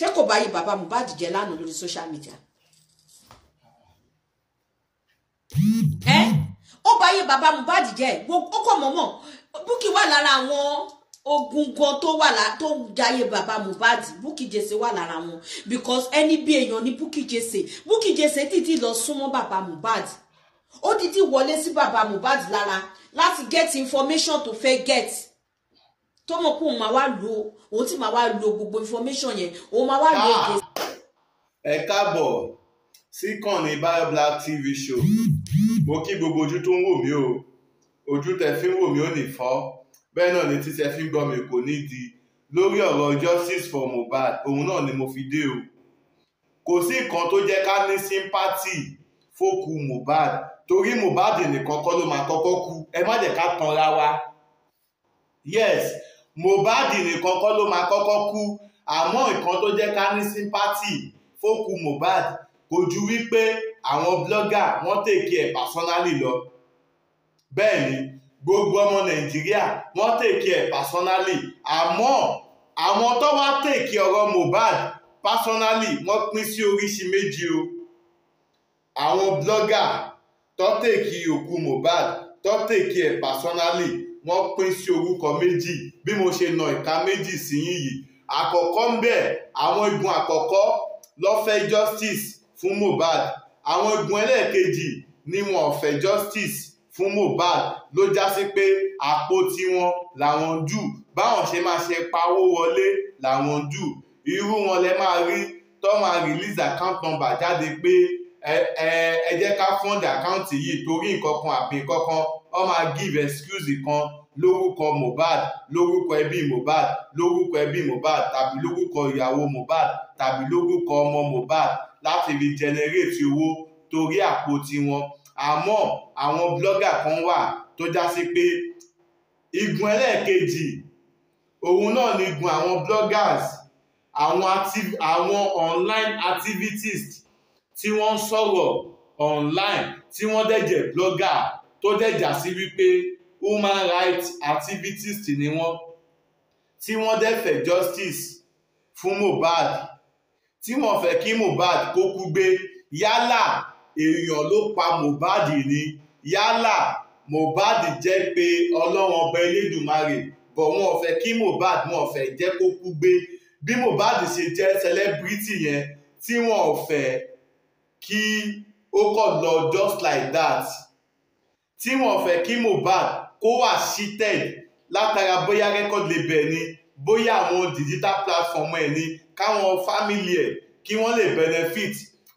ṣé kò bá yí bàbá Mohbad jẹ lánàá lórí social media ẹ ó bá yí bàbá Mohbad jẹ ó kọ mọmọ Bukky wà lára àwọn ogungan tó wà lá tó jayé bàbá Mohbad Bukky Jesse wà lára wọn because ẹni bí èèyàn ni Bukky Jesse Bukky Jesse títí lọ súnmọ́ bàbá Mohbad ó dídí wọlé sí bàbá Mohbad lára láti get information to fẹ́ get tó mọ̀ pé òun máa wá lo òun ti máa wá lo gbogbo information yẹn òun máa wá lo ah! èdè. ẹ káàbọ̀ sí kànnì BioBlack TV show mo kí gbogbo ojú tó ń wò mí o ojú tẹ fi ń wò mí ò ní fọ́ bẹ́ẹ̀ náà ni títẹ fi ń gbọ́ mi kò ní di lórí ọ̀rọ̀ justice for Mohbad òun náà ni mo fi dé o kò sí nǹkan tó jẹ́ ká ní sympathy fókù Mohbad torí Mohbad nìkan kọ́ ló máa kọ́kọ́ ku, ẹ má jẹ́ ká tanra wa yes Mohbad nìkan kọ́ ló máa kọ́kọ́ kú àmọ́ nǹkan tó jẹ́ ká ní sympathy fókù Mohbad kò ju wípé àwọn blogger wọ́n tèkì ẹ̀ personally lọ bẹ́ẹ̀ ni gbogbo ọmọ Nàìjíríà wọ́n tèkì ẹ̀ personally àmọ́ àwọn tó wá tèkì ọ̀rọ̀ Mohbad personally wọ́n pín sí oríṣi méjì o àwọn blogger tó tèkì òkú Mohbad tó tèkì ẹ̀ personally wọ́n pín sí orúkọ méjì bí mo ṣe nà ìka méjì sí yín yìí àkọ́kọ́ ń bẹ̀ àwọn igun àkọ́kọ́ ló fẹ́ justice fún Mohbad àwọn igun ẹlẹ́ẹ̀kejì ni wọn ò justice fún Mohbad ló já sí pé àpò tiwọn làwọn jù báwọn ṣe máa ṣe pawó wọlé làwọn jù irú wọn lẹ máa rí tó máa release account number jáde pé ẹ ẹ ẹ jẹ́ ká fund account yìí torí nǹkan kan àbí nǹkan kan ọ máa give excuse kan lórúkọ Mohbad lórúkọ ẹbí Mohbad lórúkọ ẹbí Mohbad tàbí lórúkọ ìyàwó Mohbad tàbí lórúkọ ọmọ Mohbad láti fi generate owó torí àpótí wọn àmọ́ àwọn blogger kan wà tó já sí pé igun ẹlẹ́ẹ̀kejì òun náà ni igun àwọn bloggers àwọn online activities tí wọ́n ń sọ̀rọ̀ online tí wọ́n dẹ̀ jẹ́ blogger tó dẹ̀ já sí wípé human rights activists ni wọ́n tí wọ́n dẹ̀ fẹ́ justice fún Mohbad tí wọ́n fẹ́ kí Mohbad kó kú gbé yálà èèyàn ló pa Mohbad ni yálà Mohbad jẹ́ pé ọlọ́run ọba Elédùmarè bọ̀ wọn ò fẹ́ kí Mohbad wọn ò fẹ́ jẹ́ kó kú gbé bí Mohbad ṣe jẹ́ celebrity yẹn tí wọn ò fẹ́ kí ó kọ̀ lọ just like that tí wọ́n fẹ́ kí Mohbad kó wà seated látara bóyá record label ni bóyá àwọn digital platform ẹ̀ ni káwọn family ẹ̀ kí wọ́n lè benefit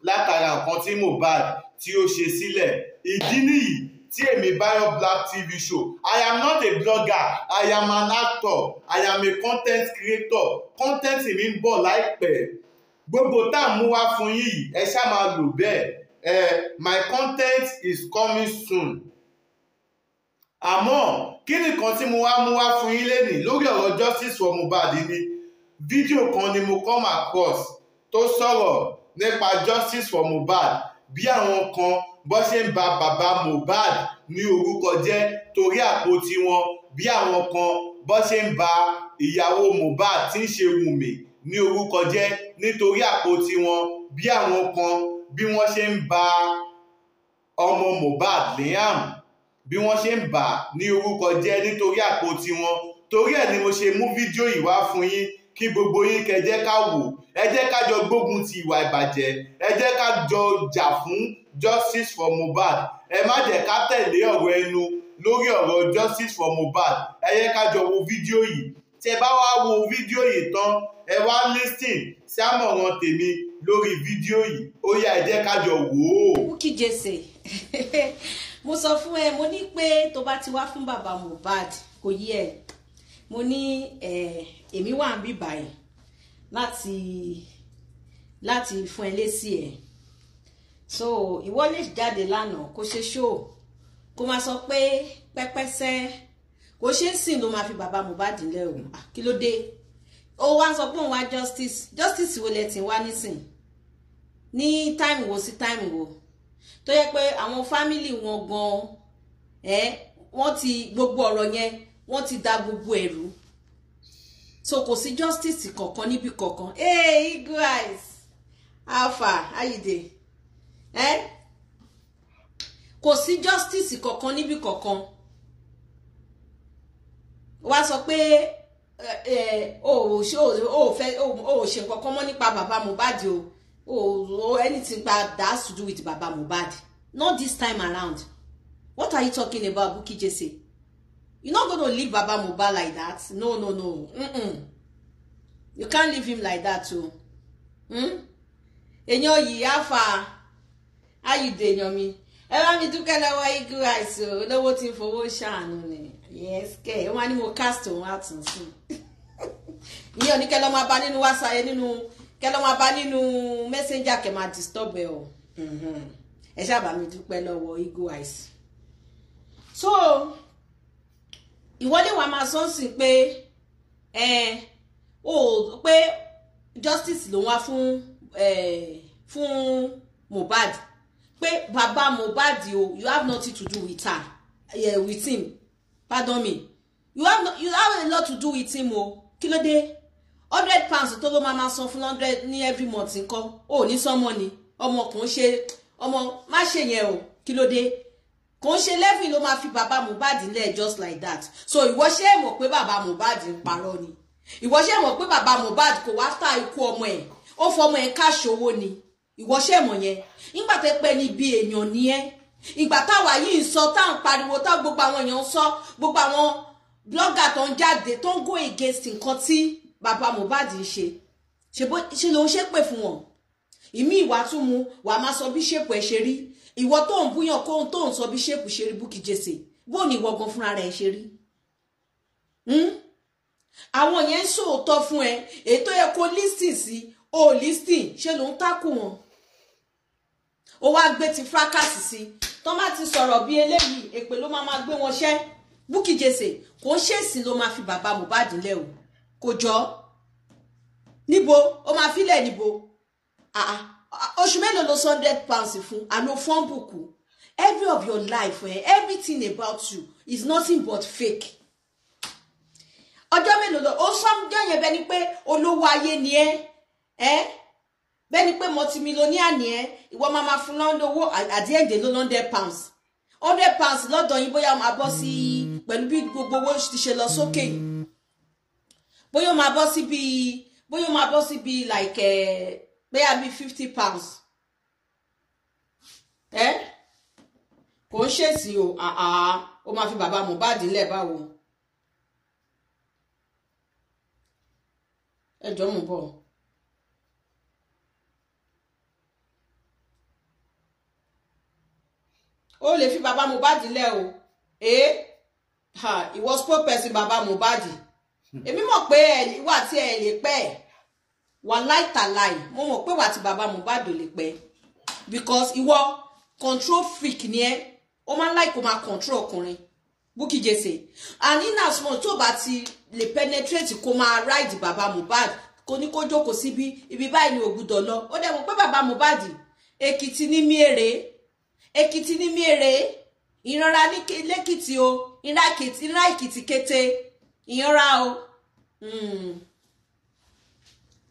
látara nǹkan tí Mohbad tí ó ṣe sílẹ̀ ìdí nìyí tí èmi Bayo Black TV show I am not a blogger I am an actor I am a content creator content mi ń bọ̀ láìpẹ́ gbogbo tá à ń mú wá fún yìí ẹ ṣáà máa lò bẹ́ẹ̀ eh, my content is coming soon àmọ́ kí nìkan tí mo wá mú wá fún yín lénìí lórí ọ̀rọ̀ justice for Mohbad ni fídíò kan ni mo come across tó sọ̀rọ̀ nípa justice for Mohbad bí àwọn kan bó ṣe ń ba bàbá Mohbad ní orúkọ jẹ́ torí àpótí wọn bí àwọn kan bó ṣe ń ba ìyàwó Mohbad tí ń ṣe Wùmí ní orúkọ jẹ́ nítorí àpótí wọn bí àwọn kan bí wọ́n ṣe ń ba ọmọ Mohbad Liam bí wọ́n ṣe ń bà ní orúkọ jẹ́ nítorí àpò tiwọn torí ẹ̀ ni mo ṣe mú fídíò yìí wá fún yín kí gbogbo yín kẹ́ jẹ́ ká wò ẹ jẹ́ ká jọ gbógun ti ìwà ìbàjẹ́ ẹ jẹ́ ká jọ jà fún justice for Mohbad ẹ má jẹ́ ká tẹ̀lé ọ̀rọ̀ ẹnu lórí ọ̀rọ̀ justice for Mohbad ẹ jẹ́ ká jọ wo fídíò yìí tẹ bá wá wo fídíò yìí tán ẹ wá listen sí àmọ̀ràn tèmi lórí fídíò yìí ó yá ẹ jẹ́ ká jọ wò ó. Wúkì jẹ́sẹ̀ mo sọ fún ẹ mo ní pé tó bá ti wá fún bàbá Mohbad kò yí ẹ mo ní èmi wà ń bì báyìí láti láti fún ẹ lésì ẹ so ìwọ lè jáde lánàá kó ṣe ṣó kó máa sọ pé pẹpẹsẹ kò ṣe ń sìn ló máa fi bàbá Mohbad lẹ o kí ló dé ó wá sọ pé òun wá justice justice wo lẹ ti wá nísìn ní táìmù wo sí táìmù wo tó yẹ pé àwọn fámìlì wọn gan ẹ wọ́n ti gbogbo ọ̀rọ̀ yẹn wọ́n ti da gbogbo ẹ̀rú so kò sí justice kankan níbi kankan hey guys alpha ayide ẹ kò sí justice kankan níbi kankan wá sọ pé ẹ ò ṣe ò fẹ́ ò ṣe nǹkan kan mọ́ nípa bàbá Mohbad o oh, oh anything bad that has to do with Baba Mohbad not this time around what are you talking about Bukky Jesse you're not going to leave Baba Mohbad like that no no no Mm-mm. you can't leave him like that too hmm? èèyàn yìí á fa ayùdè èèyàn mi ẹ bá mi dúpẹ́ lọ́wọ́ igu àìsàn olówó tí ń fowó ṣàánú ni yes kẹ́ ẹ wọ́n mo cast òun àtúnṣe ìyẹn oníkẹ́ lọ́mọ abá nínú wáṣà yẹn nínú kẹ lọ́ nínú messenger kẹ máa disturb ẹ o mhm. ẹ ṣáàbà mi dúpẹ́ lọ́wọ́ eagle eyes so ìwọlé wa máa sọ sí pé ẹ o pé justice ló wá fún ẹ fún Mohbad pé bàbá Mohbad o you have nothing to do with her yeah, with him pardon me you have, no, you have a lot to do with him o kí ló dé hundred pounds tó ló máa máa san fún hundred ní every month nǹkan ò ní sọmọ ni ọmọ kò ń ṣe ọmọ má ṣe yẹn o kí ló dé kò ń ṣe lẹ́fìn ló máa fi bàbá Mohbad lẹ̀ just like that so ìwọ ṣe é mọ̀ pé bàbá Mohbad ń parọ́ ni ìwọ ṣe é mọ̀ pé bàbá Mohbad kò wá ta ikú ọmọ ẹ̀ ó fọmọ ẹ̀ káṣí owó ni ìwọ ṣe é mọ̀ yẹn nígbà tó pẹ́ níbi èèyàn ni ẹ́ ìgbà táwa yìí ń sọ tá à ń pariwo tá gbogbo àwọn èèyàn ń sọ gbogbo àwọn blogger tó ń jáde tó ń go against nǹkan tí bàbá Mohbad ń ṣe ṣe ló ń ṣépè fún wọn ìmí ìwà tún mu wàá máa sọ bí ṣépù ẹ ṣe rí ìwọ tó ń búyàn kóhun tó ń sọ bí ṣépù ṣe rí Bukky Jesse bó ní ìwọ gan fúnra rẹ ṣe rí hmm? àwọn yẹn ń sòótọ́ fún ẹ ètò yẹ kó lísìn sí o lísìn ṣe ló ń takù wọn ó wá gbé ti fracas sí tó má ti sọ̀rọ̀ bí eléyìí èpè ló máa máa gbé wọn ṣẹ́ Bukky Jesse kò ń ṣèṣì ló máa fi bàbá Mohbad lẹ́ kò jọ níbo ó máa filẹ̀ níbo ah, ah, oṣù mélòó ló hundred pounds fún àná fọ́nbùkù every of your life eh, everything about you is nothing but fake ọjọ́ mélòó lọ ó sọ́njọ́ yẹn bẹ́ni pé olówó ayé ni ẹ́ ẹ́ eh? bẹ́ni pé multimillionaire ni ẹ́ ìwọ máa ma fún lọ́ndọ̀ owó àdéhùndé ló hundred pounds hundred pounds lọ́dọ̀ yín bóyá máa bọ́ sí pẹ̀lú bí gbogbo owó ti ṣe lọ sókè yìí bóyá ó máa bọ́ sí bíi bóyá ó máa bọ́ sí bíi like eh, bóyá bíi fifty pounds ẹ eh? kò ń ṣèṣì o ó máa fi bàbá Mohbad lẹ̀ báwo ẹ jọ mú bọ̀. ó lè fi bàbá Mohbad lẹ̀ o ẹ eh? ìwọ spokesperson bàbá Mohbad. Mm-hmm. èmi mọ̀ pé wà tí ẹ lè pẹ́ wà láìtàláì mo mọ̀ pé wà tí bàbá Mohbad lè pẹ́ because ìwọ control freak ni ẹ ó máa ń láì kó máa control ọkùnrin Bukky Jesse and in as much tó bá ti lè penetrate kó máa ride bàbá Mohbad kò ní kó jókòó síbi ibi báyìí ni ògùdọ̀ lọ ó dẹ̀ mọ̀ pé bàbá Mohbad Èkìtì ní mí èrè Èkìtì ní mí èrè ìrora ní lẹ́kìtì o ìrà Èkìtì kété ìyanra o Hmm.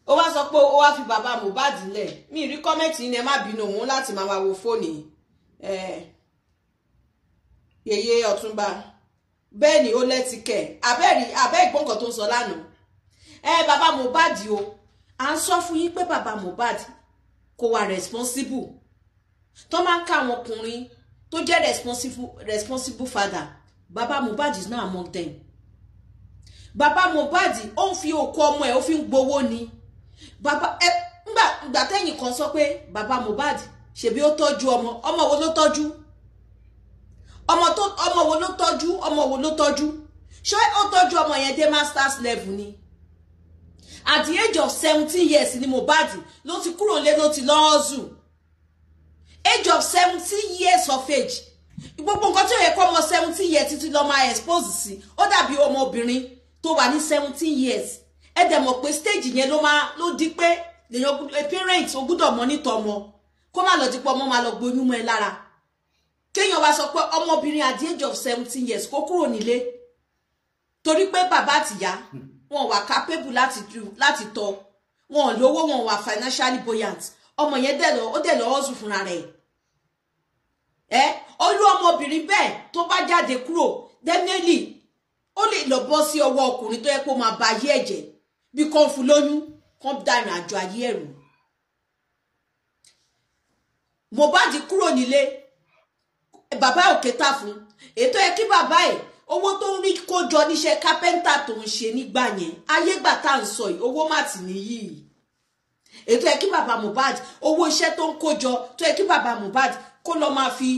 ó wá sọ pé ó wá fi bàbá Mohbad lẹ̀ mi rí kọ́mẹ́ǹtì yín ẹ má bínú òun láti máa wá wo fóònù yèyé eh, ọ̀túnba bẹ́ẹ̀ ni ó lẹ́tìkẹ̀ abẹ́rì abẹ́ ìgbọ́ǹkan tó ń sọ lánàá ẹ bàbá Mohbad o à ń sọ fún yín pé bàbá Mohbad kò wà responsible tó máa ń ká àwọn ọkùnrin tó jẹ́ responsible responsible father bàbá Mohbad is not among them bàbá Mohbad ó ń fi òkú ọmọ ẹ̀ ó fi ń gbowó ni bàbá ẹ ngbà ngbà tẹ́yìn kan sọ pé bàbá Mohbad ṣebí ó tọ́jú ọmọ ọmọ wo ló tọ́jú ọmọ tó ọmọ wo ló tọ́jú ọmọ wo ló tọ́jú ṣé ó tọ́jú ọmọ yẹn dé masters level ni at the age of seventeen years ni Mohbad ló ti kúrò lé ló ti lọ́ọ́ zù age of seventeen years of age gbogbo nǹkan tí ó yẹ kó ọmọ seventeen years títí lọ́ọ́ máa expose sí ó dàbí ọmọbìnrin tó wà ní seventeen years ẹ dẹ̀ mọ̀ pé stage yẹn ló máa ló di pé lèyàn parent ó gbúdọ̀ mọ nítọ̀ ọmọ kó má lọ dípọ̀ ọmọ máa lọ gbóyún mọ́ ẹ lára kéèyàn wá sọ pé ọmọbìnrin at the age of seventeen years kó kúrò nílé torí pé bàbá àtìyá wọn wà capable láti láti tọ́ wọn ò lówó wọn wà financially buoyant ọmọ yẹn dẹ̀ lọ ó dẹ̀ lọ ọ̀sùn fúnra rẹ̀ ẹ olú ọmọbìnrin bẹ́ẹ̀ tó bá jáde kúrò definitely ó lè lọ bọ́ sí ọwọ́ ọkùnrin tó yẹ kó máa ba ayé ẹ̀jẹ̀ bí kan fún lóyún kan dànù àjọ ayé ẹ̀rù Mohbad kúrò nílé bàbá òkè tà fún ètò yẹ kí bàbá ẹ̀ owó tó ń rí kó jọ níṣẹ́ kápẹ́ńtà tó ń ṣe nígbà yẹn ayé gbà tá à ń sọ yìí owó má tì níyì ètò yẹ kí bàbá Mohbad owó iṣẹ́ tó ń kó jọ tó yẹ kí bàbá Mohbad kó lọ́ọ́ máa fi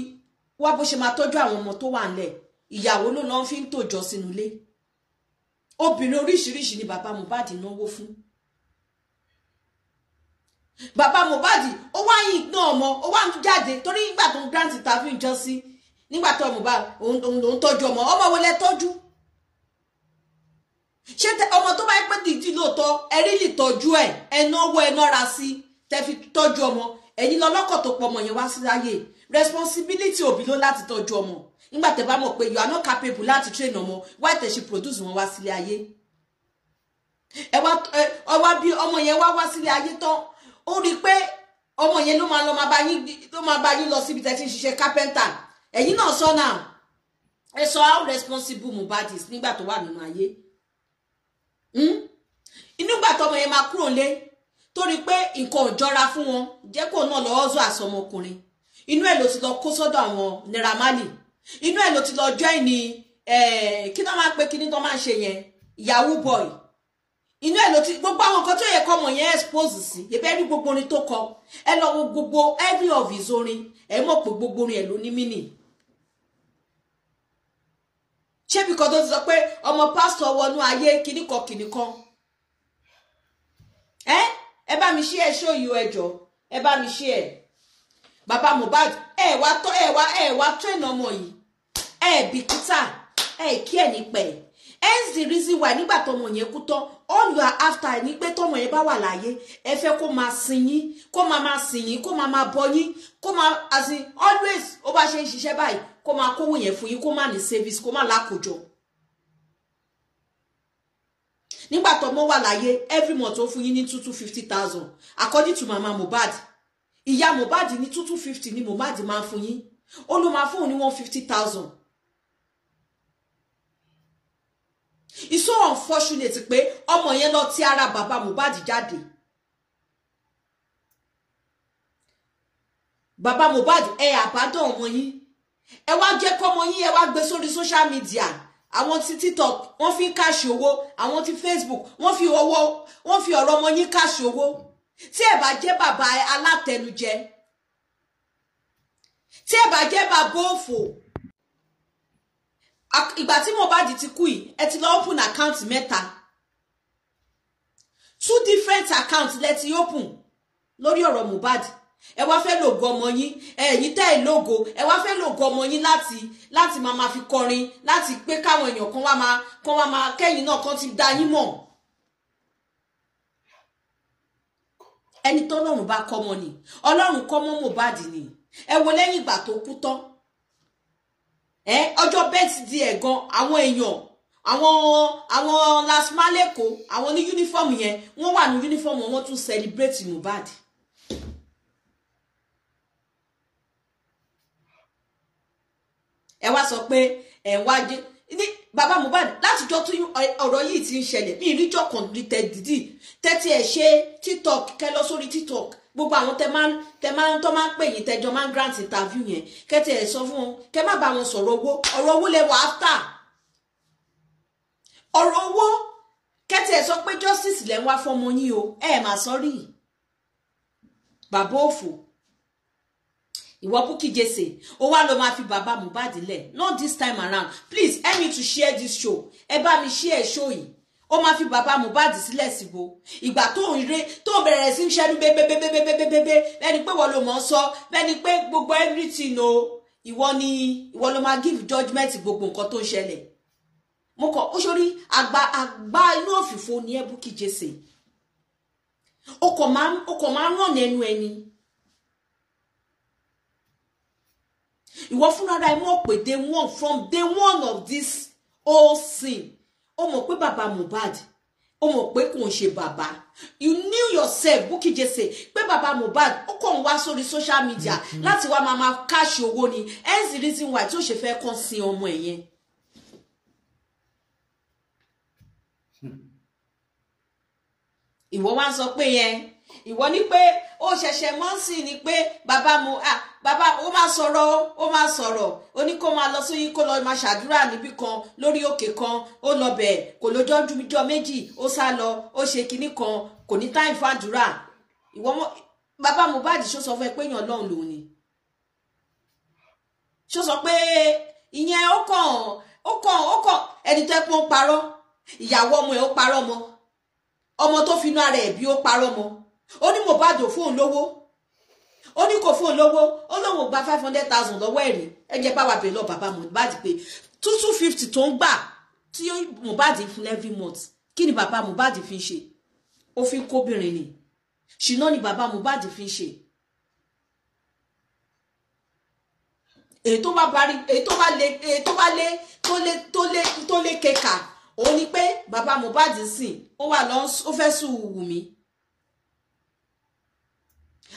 wá bó ṣe máa tọ́jú àwọn ọmọ tó wà nílẹ̀ ìyàwó ló lọ́n fi ń tòjọ sínú ilé obìnrin oríṣiríṣi ni bàbá Mohbad náwó fún bàbá Mohbad ó wá yìn náà ọmọ ó wá ń jáde torí nígbà tó ń grant interview jọ sí nígbà tó Mohbad òun lòún tọ́jú ọmọ ọmọ wo lẹ tọ́jú ṣé ọmọ tó bá yẹ pé dìdí lóòótọ́ ẹ rí lè tọ́jú ẹ ẹ náwó ẹ náà ra sí tẹ fi tọ́jú ọmọ ẹ̀yin lọ́lọ́kọ̀ tó pọ̀ ọmọ yẹn wá sí láyé responsibility òbí ló láti tọ́jú ọmọ nígbà tẹ́ bá mọ̀ pé you are not capable láti train ọmọ why tẹ́ ṣe produce wọn wá sílé ayé ẹ wá ọ wá bí ọmọ yẹn wá wá sílé ayé tán ó rí i pé ọmọ yẹn ló máa lọ máa bá yín ló máa bá yín lọ síbi tẹ́ ti ń ṣiṣẹ́ carpenter ẹ̀yin náà sọ náà ẹ sọ how responsible Mohbad is nígbà tó wà nínú ayé hmm? nígbà tọmọ yẹn máa kúrò lé torí pé nǹkan ò jọra fún wọn jẹ́ kó náà lọ́wọ́ zọ àsọmọkùnrin inú ẹ̀ ló ti lọ kó sọ́dọ̀ àwọn Naira Marley inú ẹ̀ ló ti lọ join ní eh, kí ló máa pe kíní tó máa ṣe yẹn yahoo boy inú ẹ̀ ló ti gbogbo àwọn nǹkan tó yẹ kọ́ ọmọ yẹn expose sí ebi ẹ̀rí gbogbo orin tó kọ ẹ lọ wo gbogbo every of his orin ẹ mọ̀ pé gbogbo orin ẹ̀ ló ní mínì ṣé bí kan tó ti sọ pé ọmọ pásítọ̀ wọnú ayé kíní kan kíní kan ẹ ẹ bá mi ṣí ẹ ṣó ẹjọ ẹ bá mi ṣí ẹ. Baba Mohbad ẹ wá tọ́ ẹ wá ẹ wá train ọmọ yìí ẹ bìkítà ẹ kí ẹ nípẹ́ hence the reason why nígbà tọmọ yẹn kú tán all you are after ni pé tọmọ yẹn bá wà láyé ẹ fẹ́ kó máa sìn yín kó máa máa sìn yín kó máa máa bọ yín kó máa as in always ó bá ṣe ń ṣiṣẹ́ báyìí kó máa kówó yẹn fún yín kó máa ní service kó máa lákòjọ nígbà tọmọ wà láyé every month ó fún yín ní two two fifty thousand according to mama Mohbad ìyá Mohbad ní two two fifty ni Mohbad máa fún yín ó ní one fifty thousand it's unfortunate pé ọmọ yẹn lọ ti ara bàbá Mohbad jáde bàbá Mohbad ẹ àbádọ́ ọmọ yín ẹ wá jẹ́ kọ́mọ yín ẹ wá gbé sórí social media àwọn ti TikTok wọ́n fi ń káṣí owó àwọn ti Facebook wọ́n fi ọwọ́ wọ́n fi ọ̀rọ̀ ọmọ yín káṣí owó tí ẹ bá jẹ́ bàbá alátẹnujẹ tí ẹ bá jẹ́ bàbá òfò ìgbà tí Mohbad ti kú yìí ẹ ti lọ open account mẹ́ta two different accounts lẹ open lórí ọ̀rọ̀ Mohbad ẹ wá fẹ́ lògo ọmọ yín ẹ̀yin tẹ́ ẹ lógo ẹ wá fẹ́ lògo ọmọ yín láti láti máa ma fi kọrin láti pé káwọn èèyàn kan wá máa kan wá máa kẹ́yìn náà kan ti dá yín mọ̀ ẹni tọ́lọ́run bá kọ́ mọ́ ni ọlọ́run kọ́ mọ́ Mohbad ni ẹ wo lẹ́yìn ìgbà tó kú tán ẹ ọjọ́ bẹ́ẹ̀tì di ẹ̀ gan àwọn èèyàn àwọn àwọn lasmaleko àwọn ní yúnífọ́ọ̀mù yẹn wọ́n wà ní yúnífọ́ọ̀mù wọn tún sẹlibrétì Mohbad. ẹ wá sọ pé ẹ wá dé. Baba Mohbad látijọ́ tí ọ̀rọ̀ yìí ti ń ṣẹlẹ̀ ní ìríjọ́ kan ní tẹ̀dídì tẹ́tí ẹ̀ ṣe tiktok kẹ́ sórí tiktok gbogbo àwọn tẹ máa tẹ máa tọ́ máa ń pè yín tẹjọ máa ń grant interview yẹn kẹ́tẹ́ ẹ̀ sọ fún wọn kẹ́ má bá wọn sọ̀rọ̀ owó ọ̀rọ̀ owó lẹ wà after ọ̀rọ̀ owó kẹ́tẹ́ ẹ̀ sọ pé justice lẹ́ ń wá fọmọ yín o ẹ̀ máa sọ́rí bàbá òfò ìwọ Bukky Jesse ó wá lọ máa fi bàbá Mohbad lẹ̀ not this time around please help me to share this show ẹ bá mi share show yìí ó máa fi bàbá Mohbad sílẹ̀ síbo ìgbà tó ń re tó bẹ̀rẹ̀ sí ń ṣẹ́nu bébébébébébébébé bẹ́ni pé wọ́n lo mọ̀ ń sọ bẹ́ni pé gbogbo everything o ìwọ ni ìwọ ló ma give judgement gbogbo nǹkan tó ń ṣẹlẹ̀ mo kọ ó sórí àgbà àgbà inú òfìfo ni ẹ Bukky Jesse O kàn máa ń ràn ẹnu ẹni ìwọ fúnra ẹ mọ̀ pé day one from day one of this whole scene ó mọ̀ pé bàbá Mohbad ó mọ̀ pé kò ń ṣe bàbá you knew yourself Bukky Jesse pé bàbá Mohbad ó kàn ń wá sórí social media mm -hmm. láti wá máa máa káàṣì owó ni hence the reason why tí ó ṣe fẹ́ kàn sin ọmọ ẹ̀ yẹn. Hmm. ìwọ wá sọ pé yẹn ìwọ ni pé ó ṣẹ̀ṣẹ̀ mọ́ sí ni pé bàbá mu ah bàbá ó máa sọ̀rọ̀ ó máa sọ̀rọ̀ ó ní kó máa lọ sí kó lọ máa ṣàdúrà níbì kan lórí òkè kan ó lọ bẹ̀ kò lọ́jọ́ ju ijọ́ méjì ó sá lọ ó ṣe kinní kan kò ní táì fún àdúrà ìwọ mọ bàbá Mohbad ṣó sọ fún ẹ pé èèyàn Ọlọ́run lòun ni ṣó sọ pé ìyẹn ó kàn ó kàn ó kàn ẹni tẹ́ pọ́n parọ́ ìyàwó ọmọ ẹ̀ ó parọ́ mọ́ ọmọ tó finú ara ẹ̀ bí ó parọ́ mọ́ ó ní Mohbad ò fóun lówó ó ní kò fóun lówó ó lóun gba five hundred thousand lọ́wọ́ ẹ̀rí ẹ jẹ́ pàwọ́ àbẹ̀ lọ bàbá Mohbad pé two two fifty tó ń gbà tí Mohbad fún every month kí ni bàbá Mohbad fi ń ṣe ó fi ń kóbìnrin ni ṣìnà ni bàbá Mohbad fi ń ṣe èyí tó bá parí èyí tó bá lé èyí tó bá lé tó lé tó lé kẹkà òun ni pé bàbá Mohbad sìn ó wà lọ ó fẹ́ sùn wù mí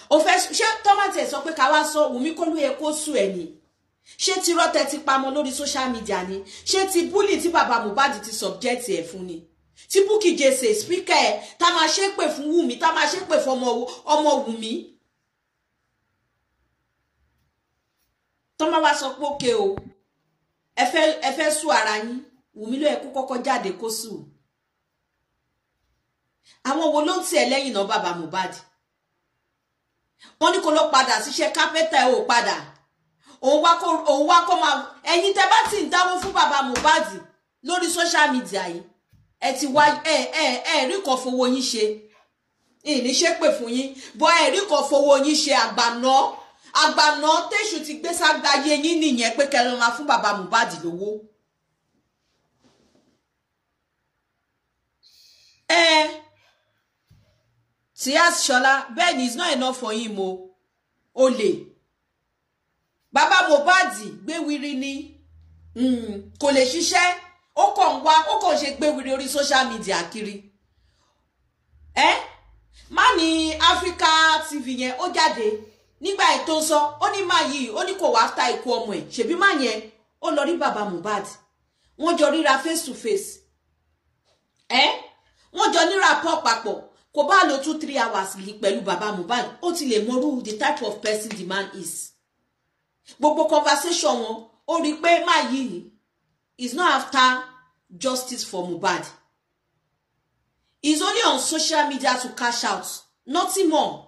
ó fẹ́ ṣé tọ́mátì ẹ̀ sọ pé ká wá sọ Wùmí kó ló yẹ kó sùn ẹ̀ ni ṣé ti rọ́tẹ̀ ti pamọ́ lórí social media ni ṣé ti búlì tí bàbá Mohbad ti subject ẹ̀ fún ni tí Bukky Jesse speaker ẹ̀ tá máa ṣépè fún Wùmí tá máa ṣépè fún ọmọ Wùmí. tọ́mọ wa sọ pé ókè o ẹ fẹ́ sùn ara yín Wùmí ló yẹ kó kọ́kọ́ jáde kó sùn àwọn wo ló ń tiẹ̀ lẹ́yìn náà bàbá Mohbad wọ́n ní kó lọ padà síṣẹ́ kápẹ́tà ẹ̀ ò padà òun wá kó máa ẹ̀yin tẹ́ bá ti ń dáwó fún bàbá Mohbad lórí social media yìí ẹ ti wá ẹ ẹ ẹ rí kan fowó yín ṣe ìní ṣépè fún yín bọ ẹ rí kan fowó yín ṣe àgbàná àgbàná tẹ̀sù ti gbé ságbáyé yín nìyẹn pé kẹrin máa fún bàbá Mohbad lówó. ẹ eh, Tíyàs Ṣọlá bẹ́ẹ̀ ni it's not enough for him o olè bàbá Mohbad gbé wiri ni hmm, kò lè ṣiṣẹ́ ó kàn wá ó kàn ṣe gbé wiri orí social media kiri ẹ má ní Africa TV yẹn ó jáde nígbà ètò sọ ó ní má yìí ó ní kò wá ta ikú ọmọ ẹ ṣèbí má yẹn ó lọ rí bàbá Mohbad wọ́n jọ ríra face to face ẹ wọ́n jọ níra pọ̀ papọ̀ kò bá lo two three hours pẹ̀lú bàbá Mohbad ó ti lè mọrú the type of person the man is gbogbo conversation wọn ó rí i pé máa yí ni is not after justice for Mohbad is only on social media to cash out nothing more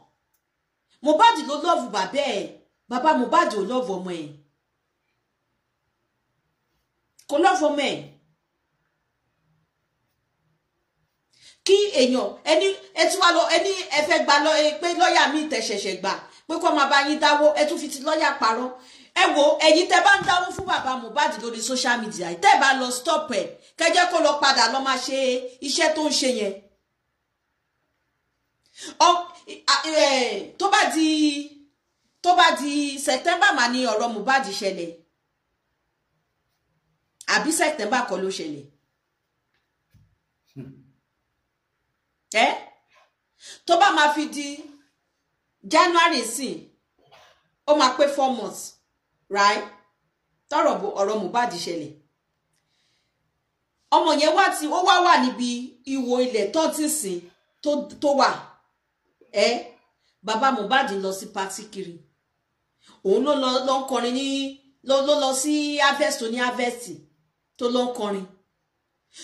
Mohbad ló lọ́ọ̀fù bàbá ẹ̀ bàbá Mohbad ò lọ́ọ̀fù ọmọ ẹ̀ kò lọ́ọ̀fù ọmọ ẹ̀ kí èèyàn ẹni ẹ tún wá lọ ẹni ẹ fẹ́ gba lọ pé lọ́ọ̀yà mi tẹ̀ ṣẹ̀ṣẹ̀ gbà pé kó máa bá yín dáwó ẹ fi ti lọ́ọ̀yà parọ́ ẹ wo ẹ̀yin tẹ́ bá ń dáwó fún bàbá Mohbad lórí social media tẹ́ bá lọ stop ẹ kẹjẹ kó lọ padà lọ máa ṣe iṣẹ́ tó ń ṣe yẹn tó bá di tó bá di September mà ni ọ̀rọ̀ Mohbad ṣẹlẹ̀ àbí September kọ́ ló ṣẹlẹ̀. Hmm ẹ tó bá máa fi di January sìn ó máa pé four months right tọrọ ọ̀rọ̀ Mohbad ṣẹlẹ̀ ọmọ yẹn wá tí ó wá wà níbi ìwò ilẹ̀ tó ti sìn tó wà ẹ bàbá Mohbad lọ sí pátí kiri òun ló lọ ń kọrin ní ló lọ sí harvest tó ní harvest tó lọ ń kọrin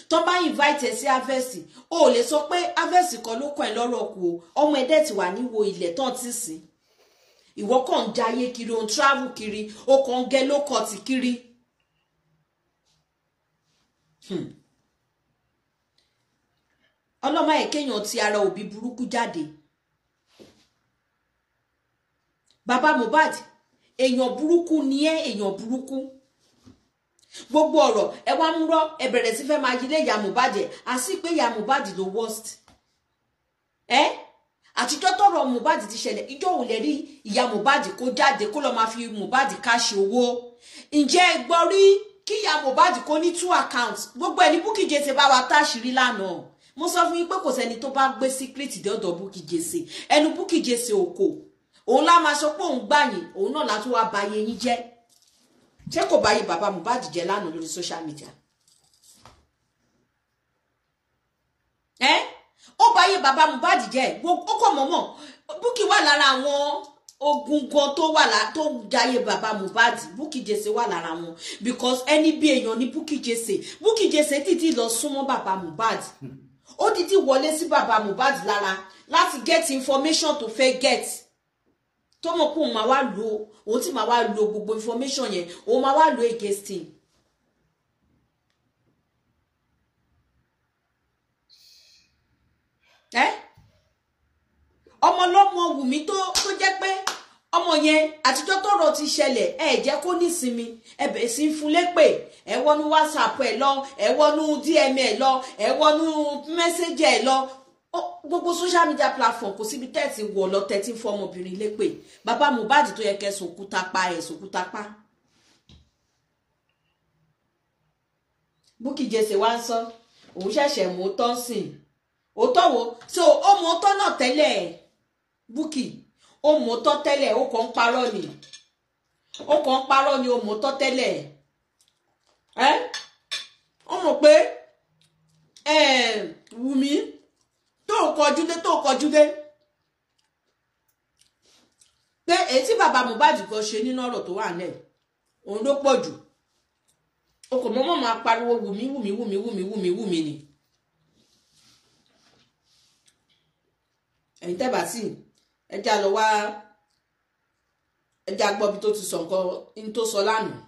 tó bá invite ẹ sí harvest o ò lè sọ pé harvest kan ló kàn ẹ lọ́rọ̀ kù o ọmọ ẹ̀dẹ̀ ti wà níwo ilẹ̀ tán ti sìn ìwọ kàn ń jayé kiri o travel kiri o kàn ń gẹ ló ti kiri. Hmm. ọlọ́mọ ẹ̀ kéèyàn ti ara òbí burúkú jáde bàbá Mohbad èèyàn burúkú ni ẹ́ èèyàn burúkú gbogbo ọ̀rọ̀ ẹ wá ń rọ́ ẹ bẹ̀rẹ̀ sí fẹ́ máa yílé ìyá Mohbad pé ìyá ló worst ẹ àtijọ́ tọrọ Mohbad ti ṣẹlẹ̀ ìjọ ò lè rí ìyá Mohbad kó jáde kó lọ́ọ́ máa fi Mohbad káṣe owó ǹjẹ́ ẹ gbọ́ rí kí ìyá Mohbad kó ní two accounts gbogbo ẹni Bukky Jesse bá wa táṣìírí lánàá mo sọ fún yín pé kò sẹ́ni tó bá gbé secret dọ́dọ̀ Bukky Jesse ẹnu Bukky Jesse òkò òun lá máa sọ pé òun gbà yín òun náà látún wá yẹn yín jẹ́ ṣé kò bá yí bàbá Mohbad jẹ lánàá lórí social media ẹ ó bá yí bàbá Mohbad jẹ ó kọ mọmọ Bukky wà lára àwọn ogun gan tó wà lá tó jayé bàbá Mohbad Bukky Jesse wà lára wọn because ẹni bí èèyàn ni Bukky Jesse Bukky Jesse títí lọ súnmọ́ bàbá Mohbad ó títí wọlé sí bàbá Mohbad lára láti get information to fẹ́ get tó mọ̀ pé òun máa wá lo òun tí máa wá lo gbogbo information yẹn òun máa wá lo against him. ẹ ọmọ ọlọ́mọ Wùmí tó tó jẹ́ pé ọmọ yẹn àtijọ́ tọ́rọ̀ ti ṣẹlẹ̀ ẹ jẹ́ kó nísinmi ẹ bẹ̀rẹ̀ sí fún lépè ẹ wọnú whatsapp ẹ lọ ẹ wọnú dm ẹ lọ ẹ wọnú message ẹ lọ gbogbo social media platform kò síbi tẹ́ẹ̀tì wọ̀ lọ tẹ́tí fún ọmọbìnrin lépè bàbá Mohbad tó yẹ kẹsùn òkúta pa ẹ̀sùn òkúta pa. Bukky Jesse wá ń sọ òun ṣẹ̀ṣẹ̀ mú tán sìn òótọ́ wo so ó mú tán náà tẹ́lẹ̀ Bukky ó mú tán tẹ́lẹ̀ ó kàn ń parọ́ ni ó kàn ń parọ́ ni ó mú tán tẹ́lẹ̀ ẹ́ ó mọ̀ pé Wùmí. Eh, tó kọjú dé tó kọjú dé pé èyí tí bàbá Mohbad kan ṣe nínú ọ̀rọ̀ tó wà náà òun ló pọ̀ jù o kò mọ́mọ́ máa pariwo wùmí wùmí wùmí wùmí wùmí wùmí ni ẹ̀yin tẹ́bà sí ẹja lọ wá ẹja gbọ́ bí tó ti sọ nǹkan ní tó sọ lánàá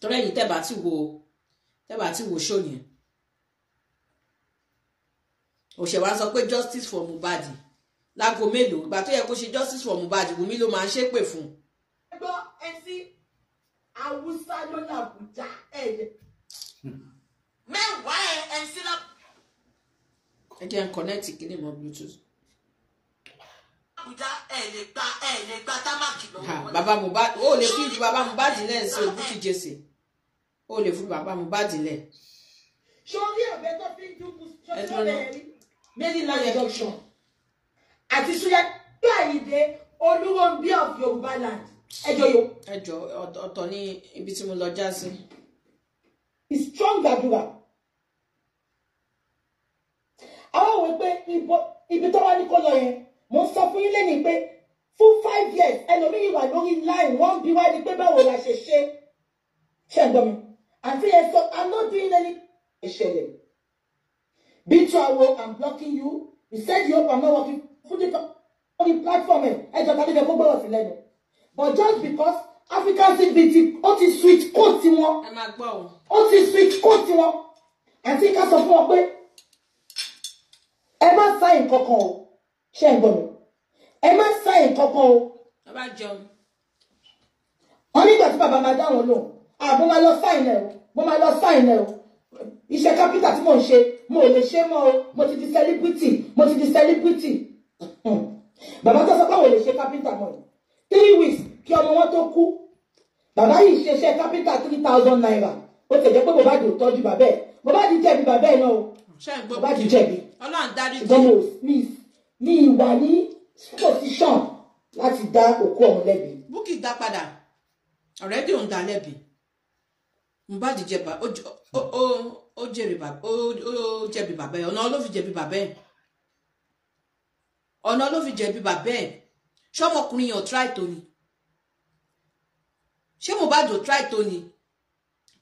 torí ẹ̀yin tẹ́bà ti wo tẹ́bà ti wo ṣó yẹn òṣèwà sọ pé justice for Mohbad láago mélòó ìgbà tó yẹ kó ṣe justice for Mohbad Wùmí ló máa ń ṣépè fún. ẹ gbọ́ ẹ sí Haúsá lọ́nà Àbújá ẹ̀yẹ. mẹ́wàá ẹ ẹ sí lọ. ẹ jẹ́ n connect kíní mọ́ bluetooth. Àbújá ẹ lè gba ẹ lè gba támàkì lọ́wọ́. bàbá Mohbad ó lè fi ju bàbá Mohbad lẹ́yìn sí òbí kìjẹsì ó lè fún bàbá Mohbad lẹ́yìn. sórí ẹ̀bẹ̀ tó fi dúkú sórí ẹ̀bẹ̀ rí mainland reduction àti suya gbàyìdé olúwo bí of yorùbá land ẹjọ yo. ẹjọ ọ̀tọ̀ ní ibi tí mo lọ já sí. strong àdúrà àwọn òwe pé ibi tó wá ní kó lọ yẹn mo sọ fún yín lẹ́nu pé fún five years ẹlòmíì wà lórí line wọ́n bí wá ní pé báwo la ṣe ṣe ṣe ń gbọ́ mi àti ẹ sọ i'm not doing any ìṣẹ̀lẹ̀. Beat Victor Awo, and blocking you. You said you hope I'm not working. Put it on the platform. Eh? Ẹ jọ tàbí ìjọba gbọ́dọ̀ sí lẹ́nu. But just because African CBT ó ti switch code switch, Ẹ máa gbọ́ o. ti switch code tiwọn. Àti ká sọ fún ọ pé ẹ má sign kankan o. Ṣé ẹ gbọ́dọ̀? Ẹ má sign kankan o. Ẹ bá jẹun. Wọ́n nígbà tí bàbá máa dá wọn lò, àbọ̀ máa lọ sign ẹ̀ o. Mo máa lọ sign ẹ̀ o iṣẹ́ kápítà tí mò ń ṣe mo lè ṣe mọ́ o mo ti di celebrity mo ti di celebrity bàbá tó sọ pé àwọn ò kápítà mọ́ three weeks kí ọmọ wọn tó kú bàbá yìí ṣe iṣẹ́ kápítà three thousand naira ó ti jẹ́ pé bàbá di òtọ́jú bàbá ẹ̀ bàbá di jẹ̀bi bàbá ẹ̀ náà o bàbá di jẹ̀bi ṣùgbọ́n mo smith ní ìwà ní position láti dá òkú ọ̀hún lẹ́bi. búkì dá padà ọ̀rẹ́dì òun dá lẹ́bi mo bá di jẹ̀bà ó jẹ̀bi bàbá ó jẹ̀bi bàbá ẹ̀ ọ̀nà ló fi jẹ̀bi bàbá ẹ̀ ọ̀nà ló fi jẹ̀bi bàbá ẹ̀ ṣọmọkùnrin yẹn ò tíráì tó ni ṣé Mohbad ò tíráì tó ni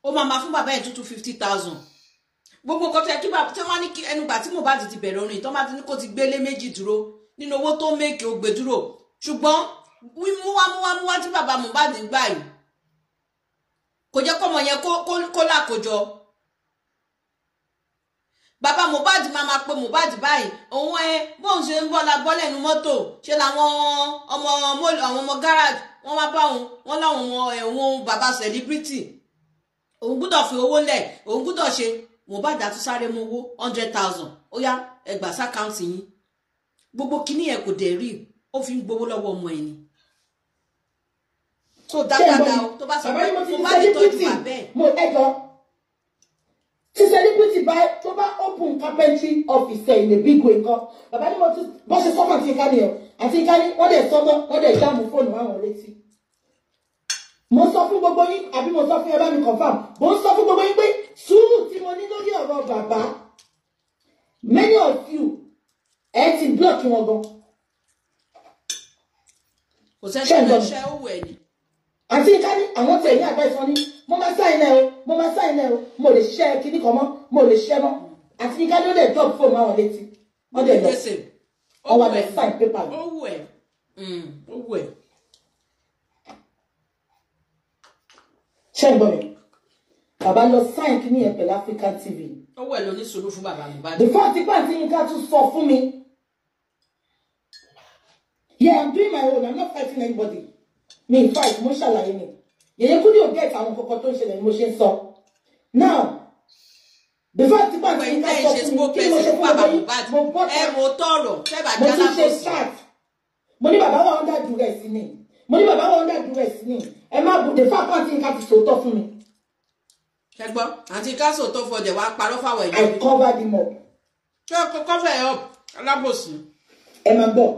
ó máa máa fún bàbá yẹn tuntun fifty thousand gbogbo nǹkan tó yẹ kí bàbá tí wọ́n ní ẹnugbà tí Mohbad ti bẹ̀rẹ̀ orin tó máa ti ní kó ti gbélé méjì dúró nínú owó tó méèkì ó gbé dúró ṣùgbọ́n múwámúwámúwá tí bàbá Mohbad ń gbà yìí kò jẹ́ kọ́mọ yẹn kó lákòjọ bàbá Mohbad máa ma pe Mohbad báyìí òun ẹ bóun ṣe ń bọ́ la gbọ́ lẹ́nu mọ́tò ṣe làwọn ọmọ àwọn ọmọ garage wọ́n wá bá òun wọ́n láwọn ẹ̀wọ̀n bàbá celebrity òun gbúdọ̀ fi owó lẹ̀ òun gbúdọ̀ ṣe Mohbad tún sáré owó hundred thousand ó yá ẹgbàá sákàǹtì yín gbogbo kinní yẹn kò dẹ̀ rí ó fi ń gbowó lọ́wọ́ ọmọ ẹni tó dáadáa o tó bá sọ pé mo bá ní tọ́jú bàbẹ́ ẹ̀ tí celebrity bá tó bá open carpentry office ẹ̀ in a big bàbá ní wọ́n tún bó ṣe sọ́kàn àti ìkànnì ẹ̀ àti ìkànnì wọ́n dẹ̀ sọ́mọ́ wọ́n dẹ̀ jáàmù fóònù máwọn létí. mo sọ fún gbogbo yín àbí mo sọ fún ẹ bá confam mo sọ fún gbogbo yín pé sùúrù tí mo ní lórí ọ̀rọ̀ bàbá many of you ẹ ti block wọn gan. kò sẹ́ni ṣe owó ẹ̀ ni. àti ìkànnì àwọn tẹ̀yìn àgbà ìsọ ní mo máa sáyìn náà o mo máa sáyìn náà o mo lè ṣiṣẹ́ kinní kan mọ́ mo lè ṣiṣẹ́ mọ́ àti ní kájọ́ dẹ̀ drop fóònù àwọn létí wọ́n dẹ̀ lọ ọwọ́ abẹ sáyìn pépà lọ. owó ẹ̀ mm, owó ẹ̀. ṣé ń gbọ́ mi bàbá lọ sáyìn kinní yẹn pẹ̀lú African TV. owó ẹ̀ ló ní sòrò fún bàbá Mohbad. before tipa àti Yinka tún sọ fún mi yeah i'm doing my own i'm not fighting anybody me fight mo ṣàlàyé mi. Yèyé Kúdí ò gẹ̀ẹ́tì àwọn kọ̀ọ̀kan tó ń ṣẹlẹ̀ ni mo ṣe ń sọ. Now, before ti pàtó yín ká sọ fún mi kí ni mo ṣe fún bàbá yín mo bọ́ ta mo ti ṣe start mo ní bàbá wa under duress ni mo ní bàbá wa under duress ni ẹ má bù before pàtó yín ká ti sòótọ́ fún mi. ẹ gbọ́ àti ká sòótọ́ fún ọjà wa parọ́ fáwọn ẹ̀yọ́. I cover them up. ṣé o cover ẹ̀ up alábòsí. ẹ máa bọ̀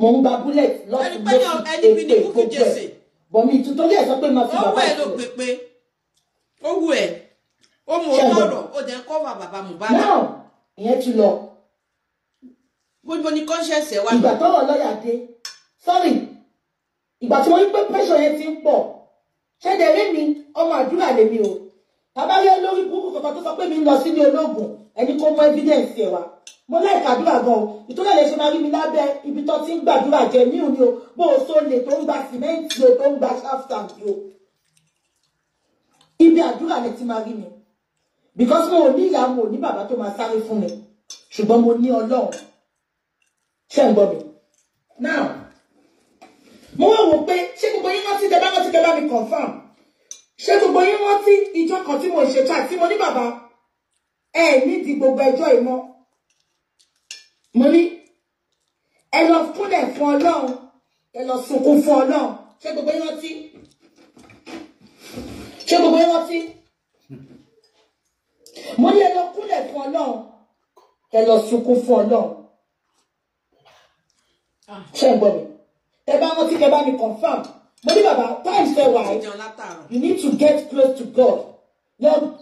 mo ń gba bullet lọ́sùn lọ́sùn èpè gbogbo ẹ̀ bọ̀mí ìtútọ́lé ẹ̀ sọ pé máa fi bàbá ẹ̀ lọ pépé ó wù ẹ̀ ó mú owó ọ̀rọ̀ ó dẹ̀ kọ́fà bàbá Mohbad. náà ìyẹn ti lọ. gbogbo ní conscience ẹ̀ wá. ìgbà tọ́wọ́ lọ́ọ̀yà dé sorry ìgbà tí wọ́n pé pressure yẹn ti ń pọ̀ ṣẹ́dẹ̀ rí ọmọ àdúrà lèmi o bàbá yẹn lórí burúkú kankan tó sọ pé mi ń lọ sí ológun ẹni kó mọ evidence ẹ̀ wá mo láì kàdúrà gan o ìtúrẹ̀ lè ṣe máa rí mi lábẹ́ ibi tó ti ń gbàdúrà jẹ ní òní o bó o so lè tó ń gba sìmẹ́ǹtì o tó ń gba ṣáfùtàǹtì o ibi àdúrà lè ti máa rí mi because mo ò ní ìyá mo ò ní bàbá tó máa sáré fún mi ṣùgbọ́n mo ní ọlọ́run ṣe ń gbọ́ mi now mo wá wò pé ṣé gbogbo yín rántí tẹ bá rántí tẹ bá mi confam ṣé gbogbo yín rántí ìjọ kan tí mo ṣètò àti mo ní bàbá ẹ nídìí gbogbo ẹjọ́ ìmọ̀ mo ní ẹ lọ kúnlẹ̀ fún ọlọ́run ẹ lọ sunkún fún ọlọ́run ṣé gbogbo yín rántí ṣé gbogbo yín rántí mo ní ẹ lọ kúnlẹ̀ fún ọlọ́run ẹ lọ sunkún fún ọlọ́run ah. ṣé ń gbọ́ mi ẹ bá rántí kẹ bá mi confam mo ní bàbá times fẹ́ wà you need to get close to God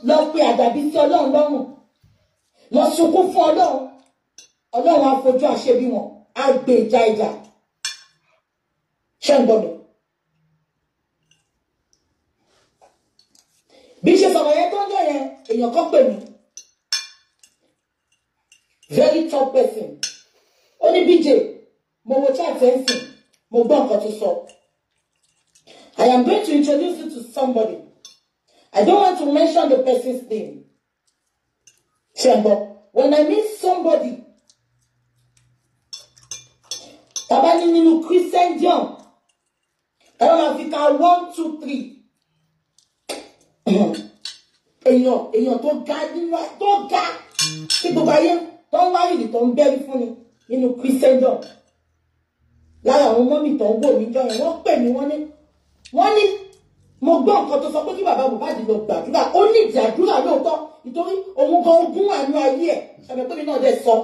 lọ pe àdàbí sí ọlọ́run lọ́rùn lọ sunkún fún ọlọ́run ọlọ́run á fojú àṣebí wọn á gbé ìjà ìjà ṣé ń gbọdọ̀. bí ṣe sọ̀rọ̀ yẹn tó ń jẹ́ yẹn èèyàn kan pè mí very top person ó ní bj mo wo chat ẹ̀ ń sìn mo gbọ́ nǹkan tó sọ. I am going to introduce you to somebody. I don't want to mention the person's name. Ṣé ń gbọ́? When I meet somebody bàbá ní nínú Christian John ẹ̀rọ máa fi ka one two three èèyàn èèyàn tó ga nínú tó ga tí gbogbo ayé tó ń wáyé ní tó ń bẹ́rí fún ni nínú Christian John lára àwọn mọ́mì tó ń wò mí jọ yẹn wọ́n pè mí wọ́n ní wọ́n ní mo gbọ́ nǹkan tó sọ pé kí bàbá Mohbad lọ gbàdúrà ó ní ìdí àdúrà lóòótọ́ nítorí òun gan ogún àánú ayé ẹ̀ ẹ̀mẹ́pẹ́mi náà dẹ̀ sọ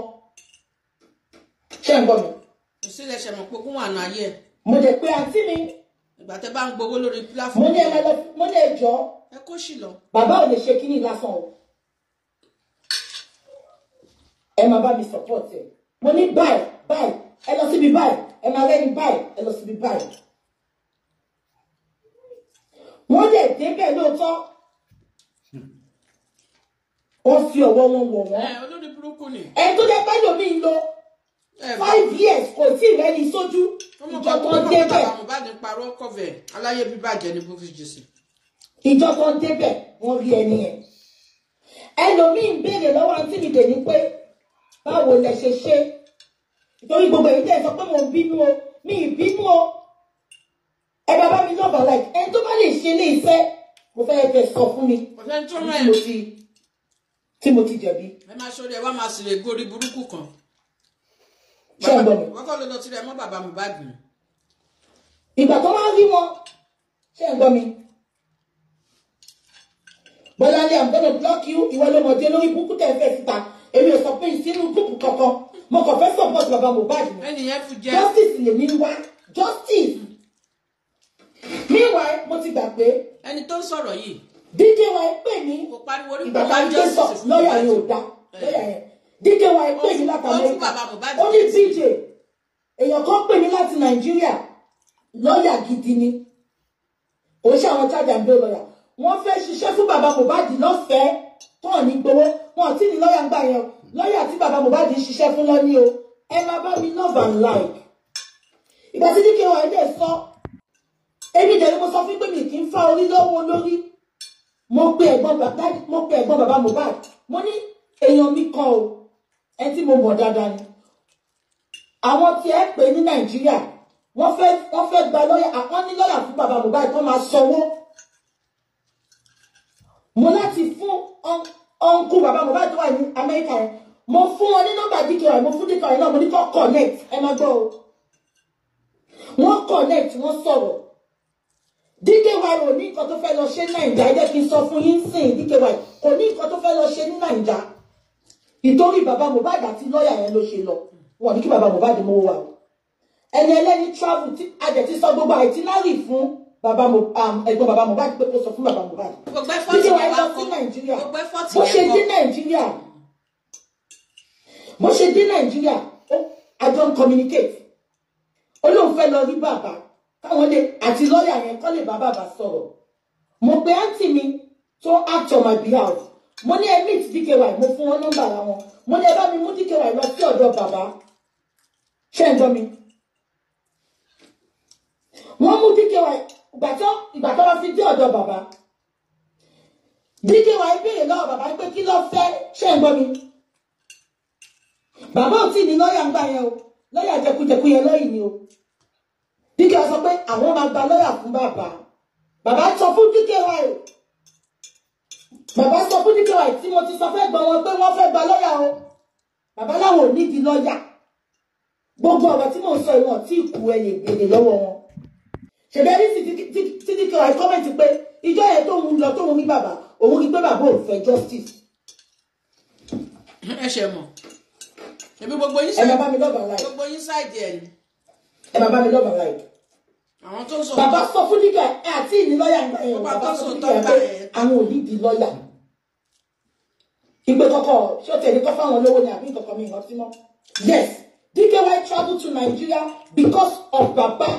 ṣé ń gbọ́ mi sílẹ̀ ṣe mọ̀ pé kún wà náà yẹ. mo lè pe àǹtí mi. ìgbà tẹ bá ń gbowó lórí pílàfọ́ọ̀mù. mo ní lọ mo ní jọ. ẹ kó sì lọ. bàbá ò lè ṣe kínní lásán o. ẹ máa bá mi support ẹ mo ní báyìí báyìí ẹ lọ síbi báyìí ẹ máa rẹ́ni báyìí ẹ lọ síbi báyìí. wọ́n lè débẹ̀ lóòótọ́ wọ́n fi ọwọ́ wọn wọ̀ wọ́n. ẹ olórí burúkú ni. ẹ tó jẹ́ pẹ́ lómi ń lo. Eh, five years kò tí ì rẹ́ni sójú ìjọ kan débẹ̀. ọmọ bá ní parọ́ kọfẹ̀ aláyé bíbàjẹ́ ní bó fi jù sí. ìjọ kan débẹ̀ wọ́n rí ẹni yẹn. ẹlòmíín béèrè lọ́wọ́ àǹtí mi dè ní pé báwo lẹ ṣe ṣe nítorí gbogbo èyí tẹ̀ sọ pé mo bínú o mi ì bínú o ẹ bàbá mi lọ́ọ̀bà láì ẹni tó bá lè ṣe ní ìfẹ́ mo fẹ́ fẹ́ sọ fún mi tí mo ti jẹ̀bi. ẹ máa ṣọlẹ̀ wá máa sì lè gorí burúkú kan ṣọgbọn mi. wọn kọ ló lọ tirẹ̀ mọ́ bàbá Mohbad ni. ìgbà tó máa ń rí wọn ṣe ń gbọ́ mi. bọ́láńlé i'm gonna block you ìwọ ló mọ̀ dé lórí búkú tẹ̀ fẹ́ síta èmi ò sọ pé ìsínú gúùpù kankan mo kàn fẹ́ support bàbá Mohbad ni. ẹnìyẹn fi jẹ justice lè mi wá justice. meanwhile mo ti gbà pé. ẹni tó ń sọ̀rọ̀ yìí. dídé wa ẹ pè ní ìgbà tá ń sọ lọ́ọ̀yà yóò dá lọ́ọ̀yà yẹn DKY pè mí láti Amẹ́ríkà ó ní BJ èèyàn kan pè mí láti Nàìjíríà lọ́ọ̀yà gidi ni kò ṣe àwọn chájà ń gbé lọ́ọ̀yà wọ́n fẹ́ ṣiṣẹ́ fún bàbá Mohbad lọ́fẹ̀ẹ́ tán ní gbowó wọn ò tí ní lọ́ọ̀yà ń gbà yẹn lọ́ọ̀yà tí bàbá Mohbad ń ṣiṣẹ́ fún lọ́ní o ẹ máa bá mi love and like ìgbà tí DKY dẹ̀ sọ èmi dẹ̀ mo sọ fún pé mi kì í fa orí lọ́wọ́ olórí mo pe ẹ̀gbọ́n bàbá Mohbad mo ní èèyàn mi kan o ẹ tí mo mọ̀ dáadáa ni àwọn tí ẹ pè ní nàìjíríà wọ́n fẹ́ wọ́n fẹ́ gba lọ́yà àwọn ní lọ́yà fún bàbá Mohbad tó máa sanwó mo láti fún ọ̀nkú bàbá Mohbad tó wà ní amẹ́ríkà yẹn mo fún wọn ní nọ́mbà dk rẹ mo fún dk rẹ náà mo ní kó connect ẹ máa gbọ́ o wọ́n connect wọ́n sọ̀rọ̀ dídé wa rò ní nǹkan tó fẹ́ lọ ṣe ní nàìjà ẹ jẹ́ kí n sọ fún yín sìn dídé wa kò ní nǹkan tó fẹ́ lọ ṣe ní nàìjà ìtorí bàbá Mohbad àti lọ́ọ̀yà yẹn ló ṣe lọ wọn ní kí bàbá Mohbad mú wa o ẹni ẹlẹ́ni travel tí àjẹtí sọ gbogbo àìtí láàrin fún bàbá um, ẹ̀gbọ́n bàbá Mohbad pé kó sọ fún bàbá Mohbad bí wọ́n lọ sí Nàìjíríà bó ṣe dé Nàìjíríà bó ṣe dé Nàìjíríà àjọ ń communicate olóhùn fẹ́ lọ rí bàbá káwọn lè àti lọ́ọ̀yà yẹn kọ́ lè bá bàbá sọ̀rọ̀ mo pe àǹtí mi tó act on my behalf mo ní ẹ meet dky mo fún wọn nọ́mbà ara wọn mo ní ẹ bá mi mú dky lọ sí ọ̀dọ̀ bàbá ṣé ń gbọ́ mi wọ́n mú dky ìgbà tó ìgbà tó wá fi dé ọ̀dọ̀ bàbá dky béèrè lọ́wọ́ bàbá pé kí ló fẹ́ ṣé ń gbọ́ mi bàbá ò tí ì ní lọ́ọ̀yà ń gbà yẹn o lọ́ọ̀yà jẹkujẹku yẹn lọ́ọ̀yì ni o dky sọ pé àwọn máa gba lọ́ọ̀yà fún bàbá bàbá sọ fún dky o bàbá sọ fún Dikemba tí mo ti sọ fẹ́ gbọ́ wọn pé wọ́n fẹ́ gba lọ́ọ̀yà o bàbá láwọn ò nídìí lọ́ọ̀yà gbogbo ọ̀rọ̀ tí mò ń sọ ìwọ̀n tí ìkú ẹ̀yìn gbèrè lọ́wọ́ wọn ṣẹ̀dá ní ti Dikemba kọ́mẹ̀ntì pé ìjọ yẹn tó ń lọ tó ń rí bàbá òun rí pé bàbá ò fẹ́ justice. ẹ ṣe mọ̀ èmi gbogbo yín ṣe gbogbo yín ṣáìdì ẹ̀ ni. ẹ bàbá mi lọ́ọ̀bà láì. bàbá sọ fún Dikemba ẹ àti ìní lọ́ọ̀yà bàbá sọ fún Dikemba pé àwọn ò di lọ́ọ̀yà ìgbé kọ́kọ́ ṣọ́tẹ̀ ní kọ́ fáwọn olówó ni àbí nǹkan kan mi ìrántí mọ́. yes DKY travel to Nigeria because of baba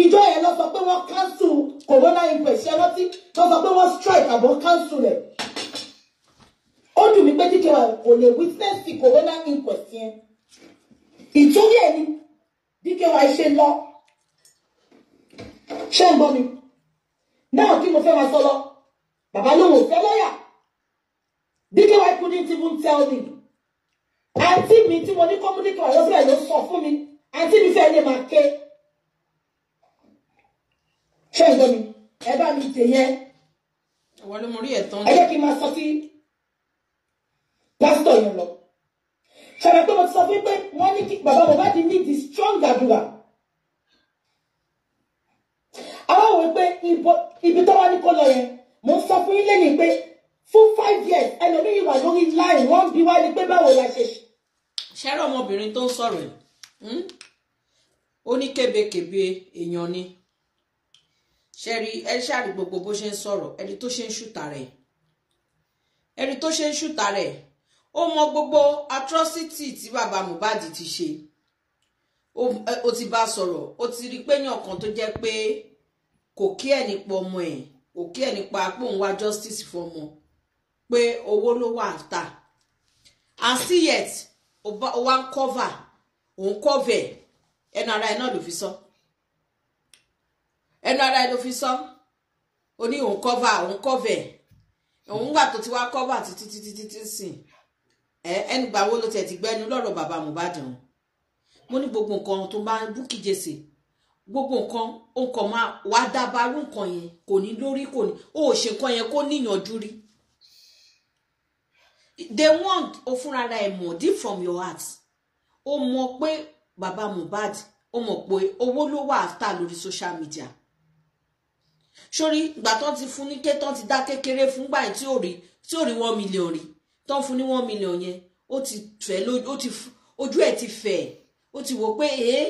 Enjoy a lot. sọ pé cancel corona inquest ṣe rántí lọ sọ strike about cancel ẹ̀. ó dùn mí pé DKY kò lè witness the corona inquest yẹn. ìtúrí ẹ̀ ni DKY ṣe lọ ṣé ń gbọ́ mi náà kí mo fẹ́ máa sọ lọ bàbá lóhùn fẹ́ lọ́yà dídí wa couldn't even tell me àǹtí mi tí mo ní kọ́múníkì wà lọ́sọ̀rọ̀ ló sọ fún mi àǹtí mi fẹ́ẹ́ lè máa ké ṣé ìgbọ́ mi ẹ bá mi tè yẹn ìwọ ló mọ orí ẹ tán ẹ jẹ́ kí n máa sọ sí pásítọ̀ yẹn lọ ṣàlàyé pé mo ti sọ fún pé wọ́n ní kí bàbá bàbá ti ní the strong àdúrà àwọn òwe pé ibi tó wá ní kó lọ yẹn mo sọ fún yín lẹ́yìn pé fún five years ẹlòmíì wà lórí line wọ́n bí wá ní pé báwo la ṣe. ṣẹ́rọ̀ ọmọbìnrin tó ń sọ̀rọ̀ ẹ̀ hmm? ó ní kébékébé èèyàn ni ṣẹ́rí ẹ ṣáàrí gbogbo bó ṣe ń sọ̀rọ̀ ẹni tó ṣe ń ṣùtà rẹ̀ ẹni tó ṣe ń ṣùtà rẹ̀ ó mọ gbogbo atrocity tí bàbá Mohbad ti ṣe ó ti bá sọ̀rọ̀ ó ti rí pé yàn kan tó jẹ́ pé kò kí ẹ̀ nípa ọmọ ẹ̀ kò kí ẹ̀ nípa pòun wá justice fọmọ pé owó ló wà ń ta and see yet ó wá ń cover òun cover ẹnu ara ẹ náà ló fi sọ ẹnu ara ẹ ló fi sọ ó ní òun cover òun cover òun gbà tó ti wá cover títí títí títí sìn ẹnu gbà wo ló tẹ̀ ti gbẹ́nu lọ́rọ̀ bàbá Mohbad òun mo ní gbogbo nǹkan tó bá Bukky Jesse gbogbo nǹkan ó kàn máa wá dábàá rú nǹkan yẹn kò ní lórí kò ní ó ṣe nǹkan yẹn kó níyànjú rí they want ofunrara ẹ mọ̀ deep from your heart ó mọ̀ pé bàbá Mohbad ó mọ̀ pé owó ló wà after lórí social media sórí ìgbà tó ti fún ní ké tó ti dá kékeré fún gbà tí ò rí tí ò rí one million rí tó fún ní one million yẹn ó ti fẹ́ ojú ẹ̀ ti fẹ́ ó ti wò pé èé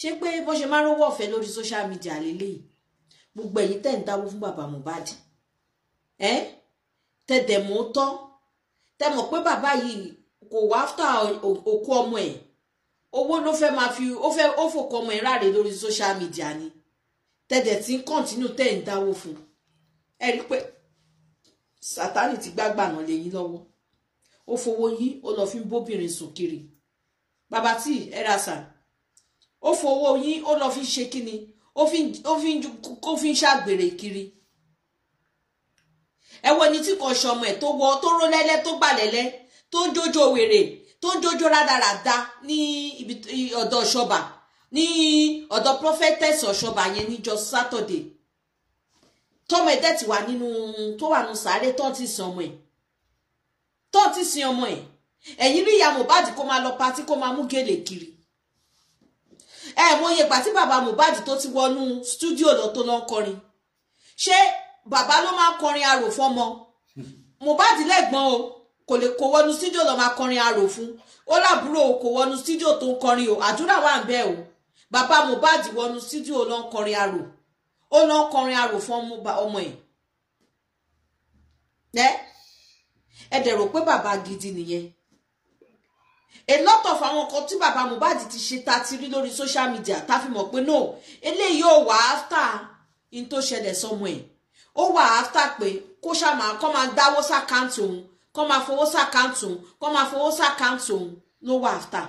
ṣé pé bó ṣe máa ń rówó ọ̀fẹ́ lórí social media lélẹ́yìí gbogbo ẹ̀yin tẹ̀ ń dáwó fún bàbá Mohbad ẹ́ tẹ̀dẹ̀ tán tẹ mọ̀ pé bàbá yìí kò wá áfítà òkú ọmọ ẹ̀ owó ló fẹ́ máa fi ó fẹ́ ó fòkọ ọmọ ẹ̀ ráre lórí social media ni tẹ̀dẹ̀ tí ń kọ́ntínú tẹ̀ ń dáwó fún ẹ rí pé sátánì ti gbágbà náà lè yín lọ́wọ́ ó fowó yín ó lọ fi ń bóbìnrin sùn kiri bàbá tí ẹ ra sàn ó fowó yín ó lọ fi ṣe kíni ó fi ń ṣàgbèrè kiri ẹ wo ẹni tí kò ṣọmọ ẹ tó wọ tó ró lẹ́lẹ́ tó gbà lẹ́lẹ́ tó ń jójó wèrè tó ń jójó rádaràda ní ibi ọ̀dọ̀ ṣọba ní ọ̀dọ̀ prophetess ọ̀ṣọba yẹn níjọ́ Saturday tọmọ ẹdẹ ti wà nínú tó wà nínú sáré tó ti sin ọmọ ẹ tó ti sin ọmọ ẹ ẹ̀yin rí ìyá Mohbad kó máa lọ patí kó máa mú gèlè kiri ẹ mọ iye pàtí bàbá Mohbad tó ti wọnú stúdíò lọ tó lọ kọrin ṣé bàbá ló máa ń kọrin arò fọmọ Mohbad lẹ́gbọ́n o kò lè kó wọnú studio lọ máa kọrin arò fún ó lábúrò kò wọnú studio tó ń kọrin o àdúrà wà ń bẹ o bàbá Mohbad wọnú studio lọ ń kọrin arò ó lọ ń kọrin arò fún ọmọ ẹ̀ ẹ ẹ dẹ̀ pé bàbá gidi nìyẹn elọ́tọ̀ fáwọn kan tí bàbá Mohbad ti ṣe ta ti rí lórí social media tá a fi mọ̀ pé no eléyìí ò wá after in tó ṣẹlẹ̀ sọmọ ẹ̀ ó wà áfítà pé kó ṣáà máa kọ́ máa dáwó sàkáǹtì òun kọ́ máa fowó sàkáǹtì òun kọ́ máa fowó sàkáǹtì òun ló wà áfítà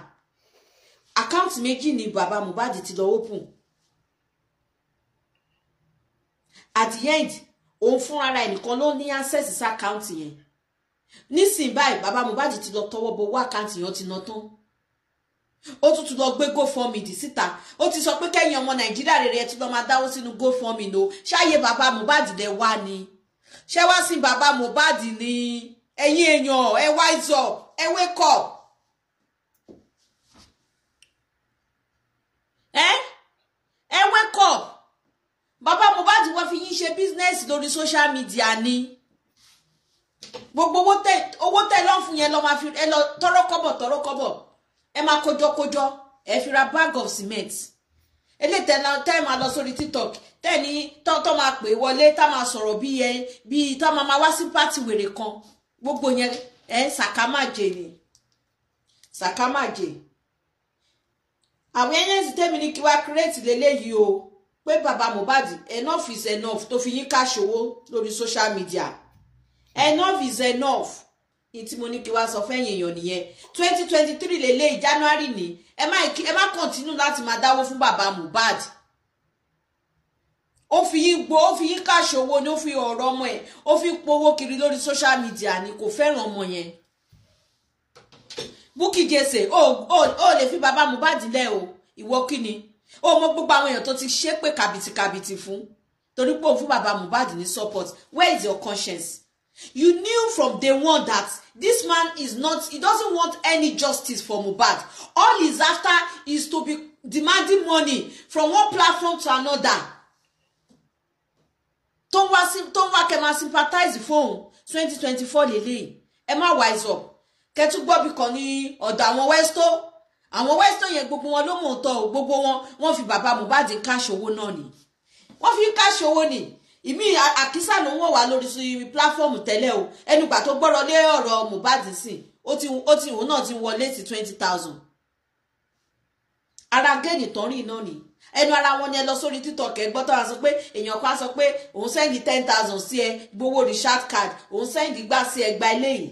àkáǹtì méjì ni bàbá Mohbad ti lọ open at the end òun fúnra ara ẹnìkan ló ní access sí àkáǹtì yẹn nísìnyí báyìí bàbá Mohbad ti lọ tọwọ́ bọ owó àkáǹtì yẹn ti ná tán ó tún tún lọ gbé gofundme dì síta ó ti sọ pé kẹ́yìn ọmọ nàìjíríà rere ẹ̀ tún lọ máa dáwó sínú gofundme o ṣáàyè bàbá mohbad dẹ wá ni ṣé wá sí bàbá mohbad ni ẹ̀yin èèyàn ẹ wise up ẹ wake up. ẹ ẹ wake up bàbá mohbad wọ́n fi yín ṣe bísínẹ́sì lórí social media ni gbogbo owó tẹ owó tẹ lọ́n fún yẹn lọ́ máa fi ẹ lọ tọrọkọ́bọ̀ tọrọkọ́bọ̀ ẹ máa kójọkójọ ẹ fi ra bag of cement eléyìí tẹ́ ẹ máa lọ sórí tiktok tẹ́ ẹ ní tọ́ máa pè wọlé tá máa sọ̀rọ̀ bí ẹ bí tá máa máa wá sí pátì wèrè kan gbogbo yẹn ẹ ṣàkámàjè ni ṣàkámàjè awareness tẹ́mi ní kí wá create lélẹ́yìí o pé bàbá Mohbad enough is enough tó fi yín ká lórí social media enough is enough ìtí mo ní kí wá sọ fẹ́yìn èèyàn nìyẹn twenty twenty three lè lé January ní ẹ má ẹ má kọ̀ntínú láti máa dáwó fún bàbá Mohbad ó fi yín gbó ó fi yín káṣowó ni ó fi ọ̀rọ̀ ọmọ ẹ̀ ó fi powó kiri lórí social media ni kò fẹ́ràn ọmọ yẹn Bukky Jesse ó ó lè fi bàbá Mohbad lẹ̀ o ìwọ kí ni ó mọ gbogbo àwọn èèyàn tó ti ṣépè kàbìtìkàbìtì fún torí pé òun fún bàbá Mohbad ní support where is your conscience you knew from day one that this man is not he doesn't want any justice for Mohbad all he's after is to be demanding money from one platform to another tó ń wá tó sympathize fóun twenty twenty four ẹ má wise up kẹtù gbọ́bí kan ní ọ̀dọ̀ àwọn westo àwọn westo yẹn gbogbo wọn ló mọ̀ ọ́n tọ́ gbogbo wọn wọ́n fi bàbá Mohbad káṣ owó náà ni wọ́n fi káṣ owó ni ìmí àkísà ló ń wọ̀ wá lórí pílàfọ́ọ̀mù tẹ́lẹ̀ o ẹnugbà tó gbọ́rọ̀ lé ọ̀rọ̀ Mohbad sí ó ti òun náà ti wọlé sí twenty thousand ara géènì tán rí iná ni ẹnu ara wọn ni ẹ lọ sórí TikTok ẹ gbọ́ tó wá sọ pé èèyàn kan sọ pé òun sẹ́ndì ten thousand sí ẹ gbowó recharge card òun sẹ́ndì gbà sí ẹ gba eléyìí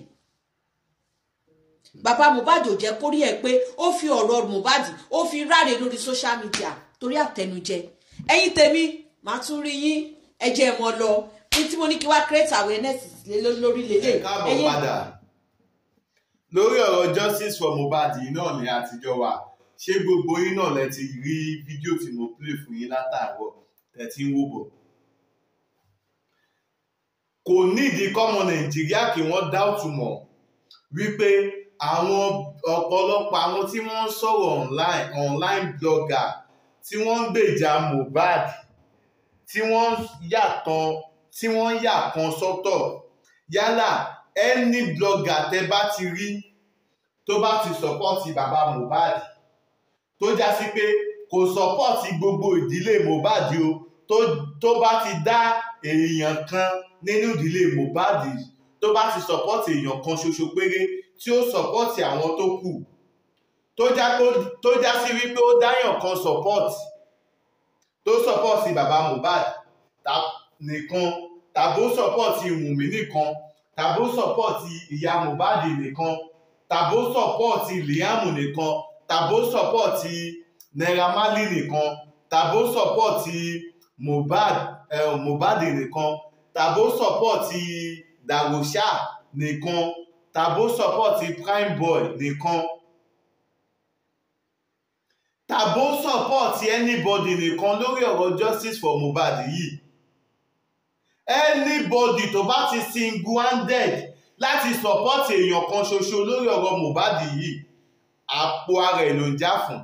bàbá Mohbad ò jẹ́ kórí ẹ̀ pé ó fi ọ̀rọ̀ Mohbad ó fi ráre lórí social media torí àtẹnujẹ ẹ̀yin tèmi màá tún rí yín ẹ jẹ́ ẹ mọ lọ ní tí mo ní kí wá create awareness lórí lélẹ̀. ẹ káàbọ̀ padà lórí ọ̀rọ̀ justice for Mohbad yìí náà ni àtijọ́ wa ṣé gbogbo yín náà lẹ ti rí fídíò tí mo play fún yín látàárọ̀ tẹ̀ tí ń wò bọ̀ kò nídìí kọ́mọ nàìjíríà kí wọ́n dá òtún mọ̀ wípé àwọn ọ̀pọ̀lọpọ̀ àwọn tí wọ́n ń sọ̀rọ̀ online online blogger tí wọ́n ń gbèjà Mohbad tí wọ́n yàtọ̀ tí wọ́n yà kan sọ́tọ̀ yálà ẹni blogger tẹ bá ti rí tó bá ti sọ́pọ́ọ̀tì bàbá Mohbad tó já sí pé kò sọ́pọ́ọ̀tì gbogbo ìdílé Mohbad o tó bá ti dá èèyàn kan nínú ìdílé Mohbad tó bá ti sọ́pọ́ọ̀tì èèyàn kan ṣoṣo péré tí ó sọ́pọ́ọ̀tì àwọn tó kù tó já sí wípé ó dáyàn kan sọ́pọ́ọ̀tì tó sọ́pọ̀tì bàbá Mohbad nìkan tàbó sọ́pọ̀tì Wùnmí nìkan tàbó sọ́pọ̀tì ìyá Mohbad nìkan tàbó sọ́pọ̀tì Liam nìkan tàbó sọ́pọ̀tì Naira Marley nìkan tàbó sọ́pọ̀tì Mohbad Mohbad nìkan tàbó sọ́pọ̀tì Darosha nìkan tàbó prime boy nìkan tàbó support anybody nìkan lórí ọ̀rọ̀ justice for Mohbad yìí anybody tó bá ti single handed láti support èèyàn kan ṣoṣo lórí ọ̀rọ̀ Mohbad yìí àpò ara ẹ̀ ló ń já fún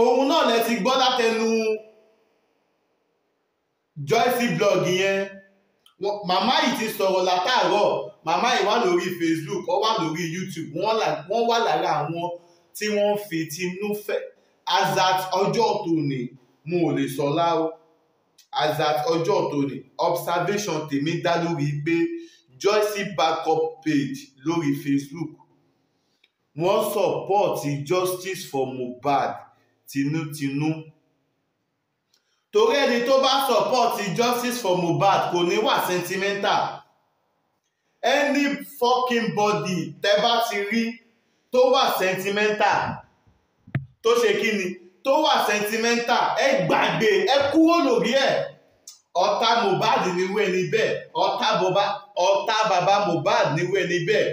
òun náà lẹ ti gbọ́ látẹnu Joyce blog yẹn màmá yìí ti sọ̀rọ̀ látàárọ̀ màmá yìí wà lórí Facebook ó wà lórí YouTube wọ́n wà lára àwọn tí wọ́n fi tinú fẹ́ azat ọjọ́ tòní mo ò lè sọ láwọ́ azat ọjọ́ tòní observation tèmi dá lórí pé joyce backup page lórí facebook wọ́n sọ̀pọ̀tì justice for Mohbad tinútinú torí ẹni tó bá sọ̀pọ̀tì justice for Mohbad kò ní wà sentimental any fucking body tẹ́ bá ti rí tó wà sentimental tó ṣe kí ni tó wà sentimental ẹ gbàgbé ẹ kúrò lórí ẹ ọ̀tá Mohbad níwé ni bẹ́ẹ̀ ọ̀tá bàbá ọ̀tá bàbá Mohbad níwé ni bẹ́ẹ̀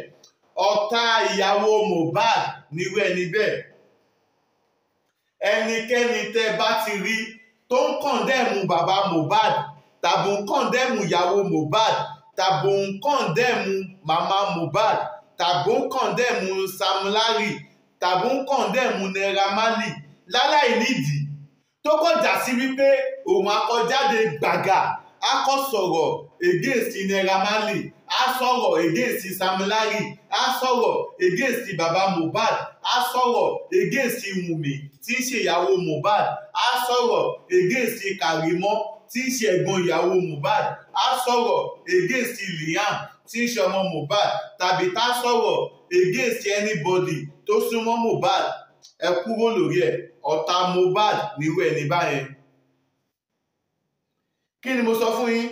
ọ̀tá ìyàwó Mohbad níwé ni bẹ́ẹ̀ ẹnikẹ́ni tẹ́ bá ti rí tó ń kọ̀ndẹ́mù bàbá Mohbad tàbí ń kọ̀ndẹ́mù ìyàwó Mohbad tàbí ń kọ̀ndẹ́mù màmá Mohbad tàbí ń kọ̀ndẹ̀mù Sam Larry tàbí ń kọ̀ndẹ̀mù Naira Marley láláì nídìí tó kọ̀ já sí wípé òun akọjáde gbàgà akọ sọ̀rọ̀ against Naira Marley a sọ̀rọ̀ against Sam Larry a sọ̀rọ̀ against baba Mohbad a sọ̀rọ̀ against Wunmi tí í ṣe ìyàwó Mohbad a sọ̀rọ̀ against Karimo tí í ṣe ẹ̀gbọ́n ìyàwó Mohbad a sọ̀rọ̀ Liam tí í ṣe ọmọ Mohbad tàbí tá sọ̀rọ̀ against anybody tó súnmọ́ Mohbad ẹ kúrò lórí ẹ̀ ọ̀tá Mohbad nírú ẹni báyẹn. kí ni mo sọ fún yín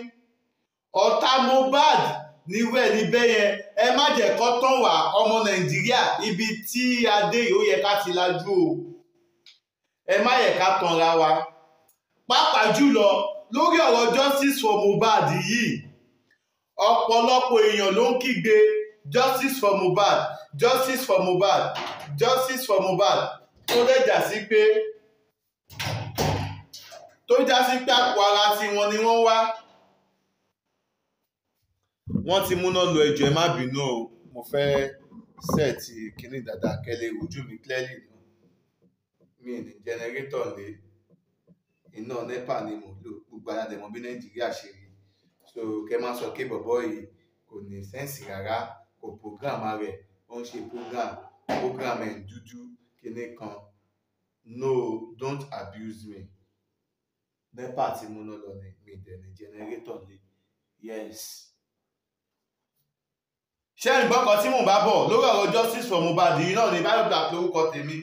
ọ̀tá Mohbad nírú ẹni bẹ́yẹn ẹ má jẹ́ kó tán wá ọmọ Nàìjíríà ibi tí adé yìí ó yẹ ká ti lajú o ẹ má yẹ ká tanra wa pàápàá jùlọ lórí ọ̀rọ̀ justice for Mohbad yìí ọ̀pọ̀lọpọ̀ èèyàn ló ń kígbe justice for Mohbad justice for Mohbad justice for Mohbad tó dẹ̀jà sí pé tó já sí pé àpò ara tiwọn ni wọ́n wá wọ́n ti múná lọ ẹjọ́ ẹ má bínú o mo fẹ́ sẹ́ẹ̀tì kínní dáadáa kẹ́lẹ́ ojú mi clearly nù mi ní jẹnẹrétọ̀ lé iná nẹ́pà ni mo lò gbogbo aládẹ̀mọ́ bí nàìjíríà ṣe rí so kẹ má sọ pé bọ̀bọ̀ yìí kò ní sẹ́ǹsì rárá kò program rẹ̀ ó ń ṣe program program ẹ̀ dúdú kinní kan no don't abuse me nepa tí mo lọ lọ ni mi dẹ̀ ní generator ni yes. ṣé ìgbọ́n kan tí mò ń bá bọ̀ lórí ọ̀rọ̀ justice for Mohbad yìí náà ni Bible black lórúkọ tèmi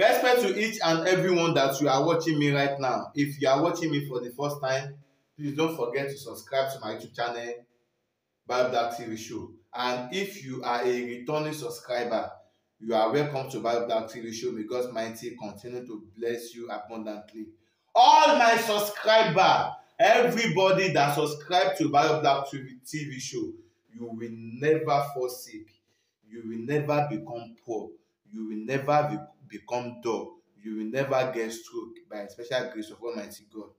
respect to each and everyone that you are watching me right now if you are watching me for the first time please don't forget to subscribe to my youtube channel bible tv show and if you are a returning subscriber you are welcome to bible tv show may god's mighty continue to bless you abundantly all my subscriber everybody that subscribe to bible tv tv show you will never fall sick you will never become poor you will never be, become dull you will never get stroke by special grace of almighty god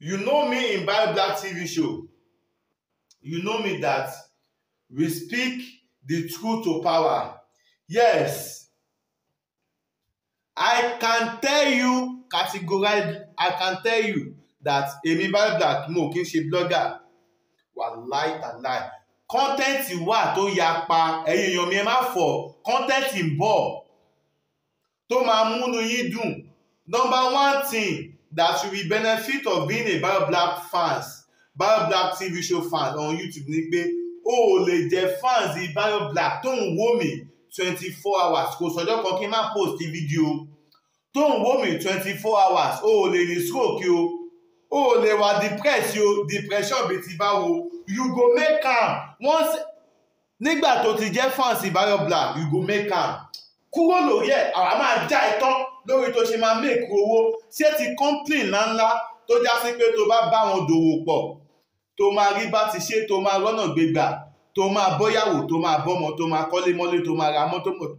You know me in Bible Black TV show. You know me that we speak the truth to power. Yes, I can tell you categorically, I can tell you that èmi Bible Black mo kì í ṣe blogger. Wàláì tàláì. Kọ́ńtẹ́ǹtì wà tó yapa ẹ̀yin èèyàn mi ẹ má for content in bọ̀ To my múnú you do Number one thing that should be benefit of being a Baro Black fans Baro Black TV show fans on YouTube ni pé o ò jẹ fans di Baro Black tó ń wò mí twenty four hours kò sọjọ́ kan kí n má post fídíò tó ń wò mí twenty four hours o ò lè ní stroke o o ò lè wà depressed o depression bíi ti báwo you go make am once nígbà tó ti jẹ́ fans Baro Black you go make am kúrò lórí ẹ̀ àwa máa já ẹ tán lórí tó ṣe máa make owó ṣé ti company ńláńlá tó já sí pé tó bá bá wọn dòwò pọ̀ tó máa rí bá ti ṣe tó máa rọ́nà gbégbà tó máa bọ́yàwó tó máa bọ́mọ tó máa kọ́lé mọ́lé tó máa ra mọ́tò mọ́tò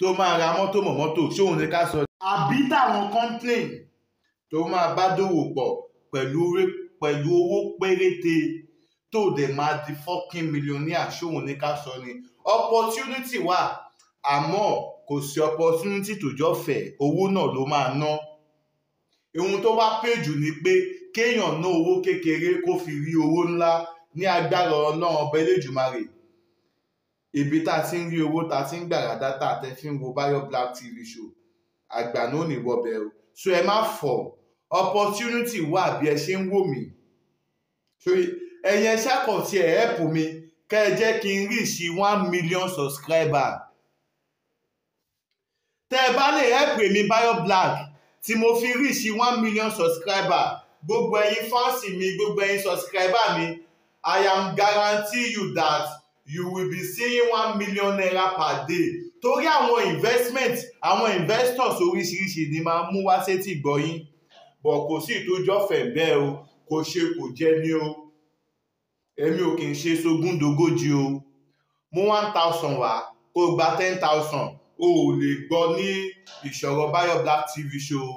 tó máa ra mọ́tò mọ́ mọ́tò ṣóun ní ká sọ. àbí táwọn complain tó máa bá dòwò pọ̀ pẹ̀lú pẹ̀lú owó péréte tó dẹ̀ máa di fokin millionaire ṣóun ní ká sọ ni opportunity wà àmọ́ kò sí opportunity tó jọ́fẹ̀ẹ́ owó náà ló máa ná ohun tó wá pè jù ni pé kéèyàn ná owó kékeré kó fi rí owó ńlá ní agbára ọlọ́run ọba eléjùmarè ibi tá a ti ń rí owó tá a ti ń gbàrà dátà tẹ fi ń Bayo Black TV show àgbà náà ní wọbẹ o so ẹ má fọ opportunity wà bí ẹ ṣe ń wò mí ẹ̀yin ẹ ṣàkọsí ẹ̀ ẹ̀pù mi kẹ́ ẹ jẹ́ kí n rí sí one million subscriber tẹ́ ẹ bá lè help èmi Bayo Black tí mo fi reach one million subscriber gbogbo ẹ̀yin fans mi gbogbo ẹ̀yin subscriber mi I am guarantee you that you will be seeing one million naira per day torí àwọn investment àwọn investors oríṣiríṣi ni máa mú wá sétí gbọ́yìn bọ̀ kò sí ìtójọ́fẹ̀ bẹ́ẹ̀ o kò ṣe kò jẹ́ ní o èmi ò kì í ṣe sógúndogójì o mú one thousand wá kó gba ten thousand o ò lè gbọ́ ní ìṣọ̀rọ̀ Bayo Black TV show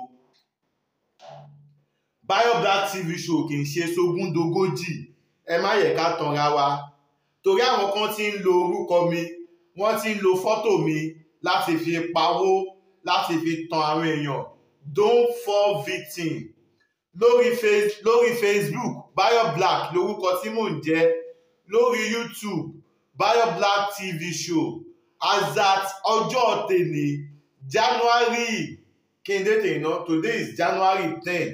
Bayo Black TV show kì í ṣe sógúndogójì ẹ má yẹ ká tanra wa torí àwọn kan ti ń lo orúkọ mi wọ́n ti ń lo fọ́tò mi láti fi pawó láti fi tan àwọn èèyàn don't fall victim lórí face lórí Facebook Bayo Black lórúkọ tí mò ń jẹ́ lórí YouTube Bayo Black TV show azat ọjọ́ tèmi january kéde tèmi today is january ten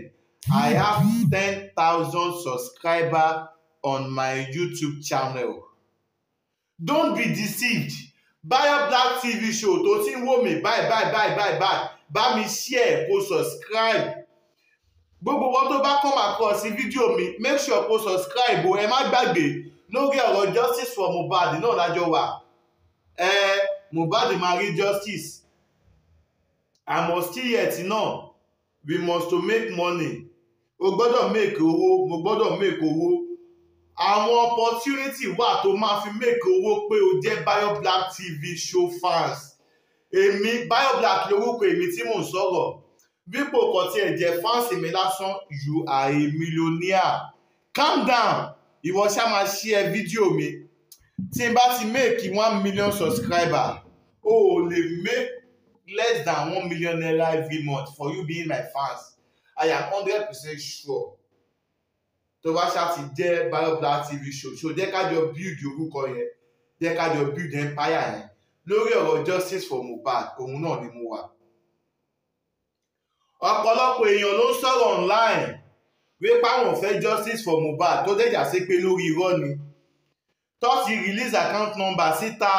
i have ten thousand subscriber on my youtube channel don't be deceived Bayo Black TV show tó ti ń wò mí báyìí báyìí báyìí báyìí báyìí bá mi share kó subscribe gbogbo wọn tó bá come across fídíò mi make sure kó subscribe o ẹ má gbàgbé lórí ọ̀rọ̀ justice for Mohbad náà lájọ wà ẹ Mohbad máa rí justice àmọ́ still yet náà we must to make money o gbọ́dọ̀ make owó mo gbọ́dọ̀ make owó àwọn opportunity wà tó máa fi make owó pé o jẹ́ BioBlack TV show fans èmi BioBlack lórúkọ èmi tí mò ń sọ̀rọ̀ bípò kò tiẹ̀ jẹ́ fans mi lásán you are a millionaire calm down ìwọ ṣá máa share fídíò mi tí n bá ti make one million subscriber o ò lè make less than one million naira every month for you being my fans i am hundred percent sure tó bá ṣáà ti jẹ́ BayoBlack TV show so jẹ́ ká jọ build orúkọ yẹn jẹ́ ká jọ build empire yẹn lórí ọ̀rọ̀ justice for Mohbad òun náà ni mo wà. ọ̀pọ̀lọpọ̀ èèyàn ló ń sọ̀rọ̀ online wípé àwọn fẹ́ justice for Mohbad tó dẹ̀jà sí pé lórí irọ́ ni tọ́sí release account number síta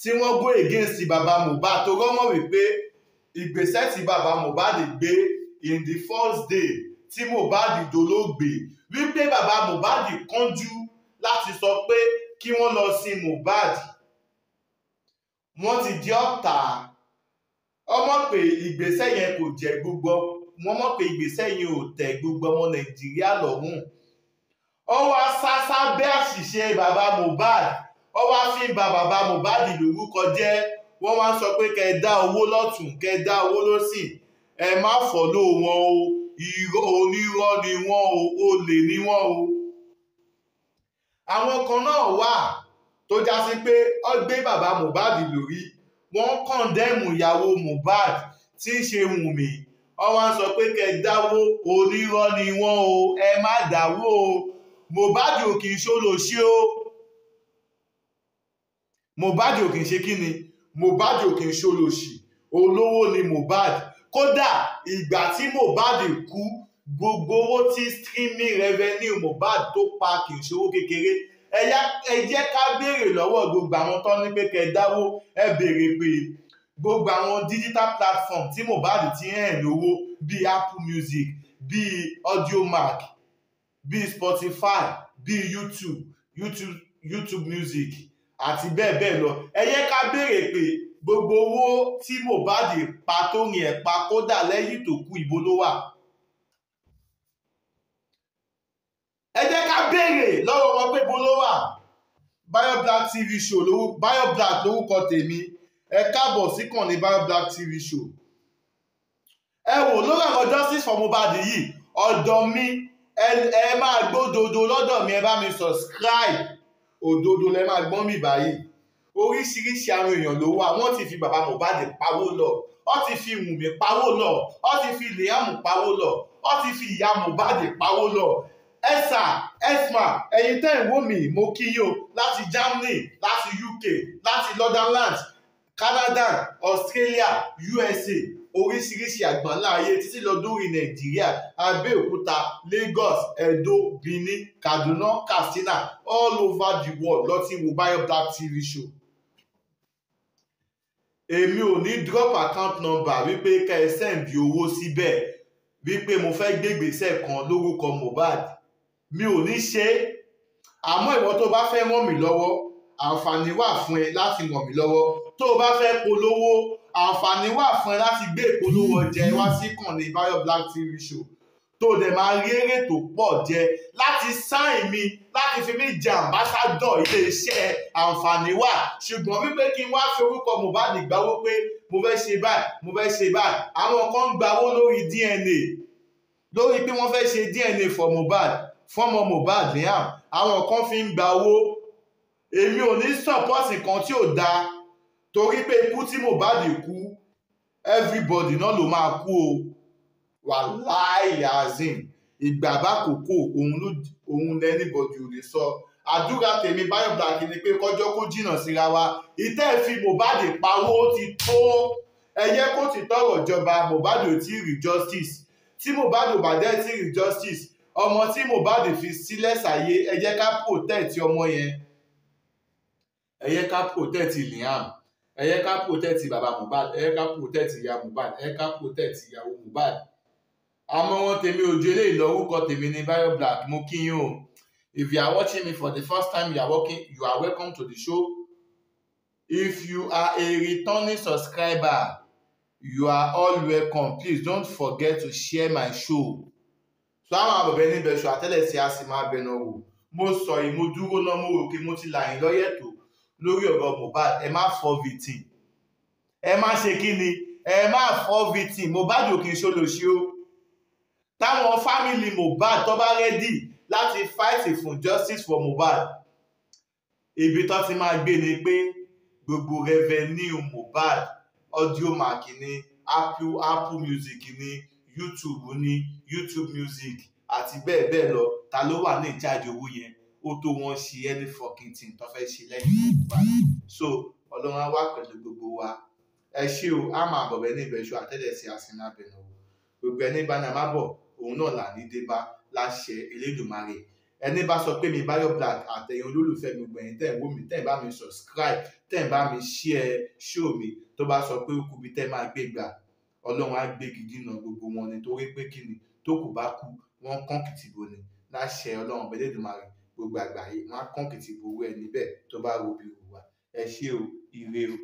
tí wọ́n go against bàbá Mohbad tó rọ́mọ̀ wípé ìgbésẹ̀ tí bàbá Mohbad gbé in the first day tí Mohbad dolóògbé wípé bàbá Mohbad kánjú láti sọ pé kí wọ́n lọ sin Mohbad wọ́n ti di ọ̀tá ọmọ pé ìgbésẹ̀ yẹn kò jẹ́ gbogbo wọ́n mọ̀ pé ìgbésẹ̀ yẹn ò tẹ́ gbogbo ọmọ Nàìjíríà lọ́rùn ó wá sásá bẹ́ àṣìṣe bàbá Mohbad ó wá fi ba bàbá Mohbad lórúkọ jẹ́ wọ́n wá sọ pé kẹ́ ẹ dá owó lọ́tún kẹ́ ẹ dá owó lọ́sì ẹ má fọ̀lọ́ wọn o onírọ́ ni wọ́n o olè ni wọ́n o. àwọn kan náà wà tó já sí pé ó gbé bàbá Mohbad lórí wọ́n kọ̀ndẹ́mù ìyàwó Mohbad tí í ṣe Wùnmí ó wá sọ pé kẹ́ ẹ dáwó onírọ́ ni wọ́n o ẹ má dáwó o. Mohbad ò kì í ṣe olóṣì o Mohbad ò kì í ṣe kí ni Mohbad ò kì í ṣe olóṣì ni Mohbad kódà ìgbà tí Mohbad kú gbogbo owó tí streaming revenue Mohbad tó pa kì í ṣe owó kékeré ẹ jẹ́ ká béèrè lọ́wọ́ gbogbo àwọn tó ní pé kẹ́ ẹ béèrè pé gbogbo àwọn digital platform tí Mohbad ti ń hẹ̀ lówó bíi Apple Music bíi Audiomack bíi spotify bíi youtube youtube youtube music àti bẹ́ẹ̀ bẹ́ẹ̀ lọ ẹ yẹ ká béèrè pé gbogbo owó tí mohbad pa tó rìn ẹ̀ pa kódà lẹ́yìn tó kú ibo ló wà. ẹ jẹ́ ká béèrè lọ́wọ́ wọn pé ibo ló wà. Bayo Black TV show lówó Bayo Black lórúkọ tèmi ẹ káàbọ̀ sí kànnì Bayo Black TV show. ẹ wò lórí àwọn justice for mohbad yìí ọ̀dọ̀ mi ẹ máa dodo lọ́dọ̀ mi ẹ bá mi subscribe òdodo lẹ máa gbọ́n mi báyìí oríṣiríṣi àwọn èèyàn ló wà wọ́n ti fi bàbá Mohbad pawó lọ wọ́n ti fi Wùnmí pawó lọ wọ́n ti fi Liam pawó lọ wọ́n ti fi ìyá Mohbad pawó lọ ẹsà esma ẹ̀yin tẹ́ ẹ̀ wò mí mo kí yín o láti Germany láti UK láti Land, Canada Australia USA oríṣiríṣi àgbáńlá ayé títí lọ dórí nàìjíríà abẹ́òkúta lagos edo benin kaduna katsina all over the world lọ ti wo Bayo Black TV show èmi ò ní drop account number wípé ká ẹ send owó síbẹ̀ wípé mo fẹ́ gbégbèsè kan lórúkọ Mohbad mi ò ní ṣe é àmọ́ ìwọ tó bá fẹ́ ràn mí lọ́wọ́ àǹfààní wà fún ẹ láti ràn mí lọ́wọ́ tó o bá fẹ́ polówó àǹfààní wà fún ẹ láti gbé ìpolówó ọjà wá sí kànnì Bayo Black TV show tó dẹ̀ máa rí èrè tó pọ̀ jẹ láti sáìn mi láti fi mí jẹ àmbásádọ̀ iléeṣẹ́ àǹfààní wà ṣùgbọ́n wípé kí n wá fi orúkọ Mohbad gbáwó pé mo fẹ́ ṣe báyìí mo fẹ́ ṣe báyìí àwọn kan ń gbawó lórí DNA lórí pé wọ́n fẹ́ ṣe DNA for Mohbad fọ́mọ Mohbad liam àwọn kan fi ń gbawó èmi ò ní sọ̀pọ̀sì kan tí ò dáa torí pé ikú tí Mohbad kú everybody náà ló máa kú o wàláì azim ìgbà bá kókó òun lẹ́nìbọ̀dì ò lè sọ àdúrà tèmi Báyọ̀ Black ni pé kọjọ́ kó jìnnà síra wa ìtẹ́ fi Mohbad pawó ti tó ẹyẹ kó ti tọrọ ìjọba Mohbad ò tí ì rí justice tí Mohbad ò bá dé tí ì rí justice ọmọ tí Mohbad fi sílẹ̀ sàyé ẹyẹ ká protect ọmọ yẹn ẹyẹ ká protect Liam ẹ yẹ ká protect bàbá Mohbad ẹ yẹ ká protect ìyá Mohbad ẹ yẹ ká protect ìyàwó Mohbad àmọ́ wọn tèmi ojú eléyìí lọ orúkọ tèmi ní Bayo Black mo kí yín o if you are watching me for the first time you are working you are welcome to the show if you are a returning subscriber you are all welcome please don't forget to share my show so àwọn àbọ̀bẹ̀ níbẹ̀ ṣọ àtẹ́lẹ̀ sí a sì máa bẹ̀rẹ̀ wò mo sọ yìí mo náà mo rò pé mo ti là yín lọ́yẹ̀ tó lórí ọ̀rọ̀ Mohbad ẹ má fọ́ victim ẹ má ṣe kí ni ẹ má fọ́ victim Mohbad ò kì í ṣolóṣì o táwọn fámìlì Mohbad tó bá rẹ́dì láti fight for justice for Mohbad ibi tó ti máa gbé ni pé gbogbo revenue Mohbad audio mark ni apple apple music ni YouTube ni YouTube music àti bẹ́ẹ̀ bẹ́ẹ̀ lọ ta ló wà ní ìjáde owó yẹn ó tó wọn ṣe any fucking thing tó fẹ́ ṣe lẹ́yìn ọgbà so ọlọ́run á wà pẹ̀lú gbogbo wa ẹ ṣé o á máa bọ̀bẹ̀ ní ìbẹ̀ṣu àtẹ́lẹsẹ̀ àsìnàbẹ̀nà o gbogbo ẹni bá ní a máa bọ̀ òun náà là ní débá láṣẹ elédùnmarè ẹni bá sọ pé mi Bayo Black àtẹ̀yìn olólùfẹ́ mi gbẹ̀yìn tẹ̀ ń wò mí tẹ̀ ń bá mi subscribe tẹ̀ ń bá mi share show mi tó bá sọ pé ó kú bí tẹ́ máa gbé gbà ọlọ́run á gbé gidi náà gbogbo wọn ni torí pé kí ni tó kù bá kú wọn kàn kìtìbò ni láṣẹ ọlọ́run bẹ́lẹ́dùnmarè gbogbo àgbáyé wọn á kàn kìtìbù owó ẹ níbẹ̀ tó bá wo bí wùwà ẹ ṣé o ire o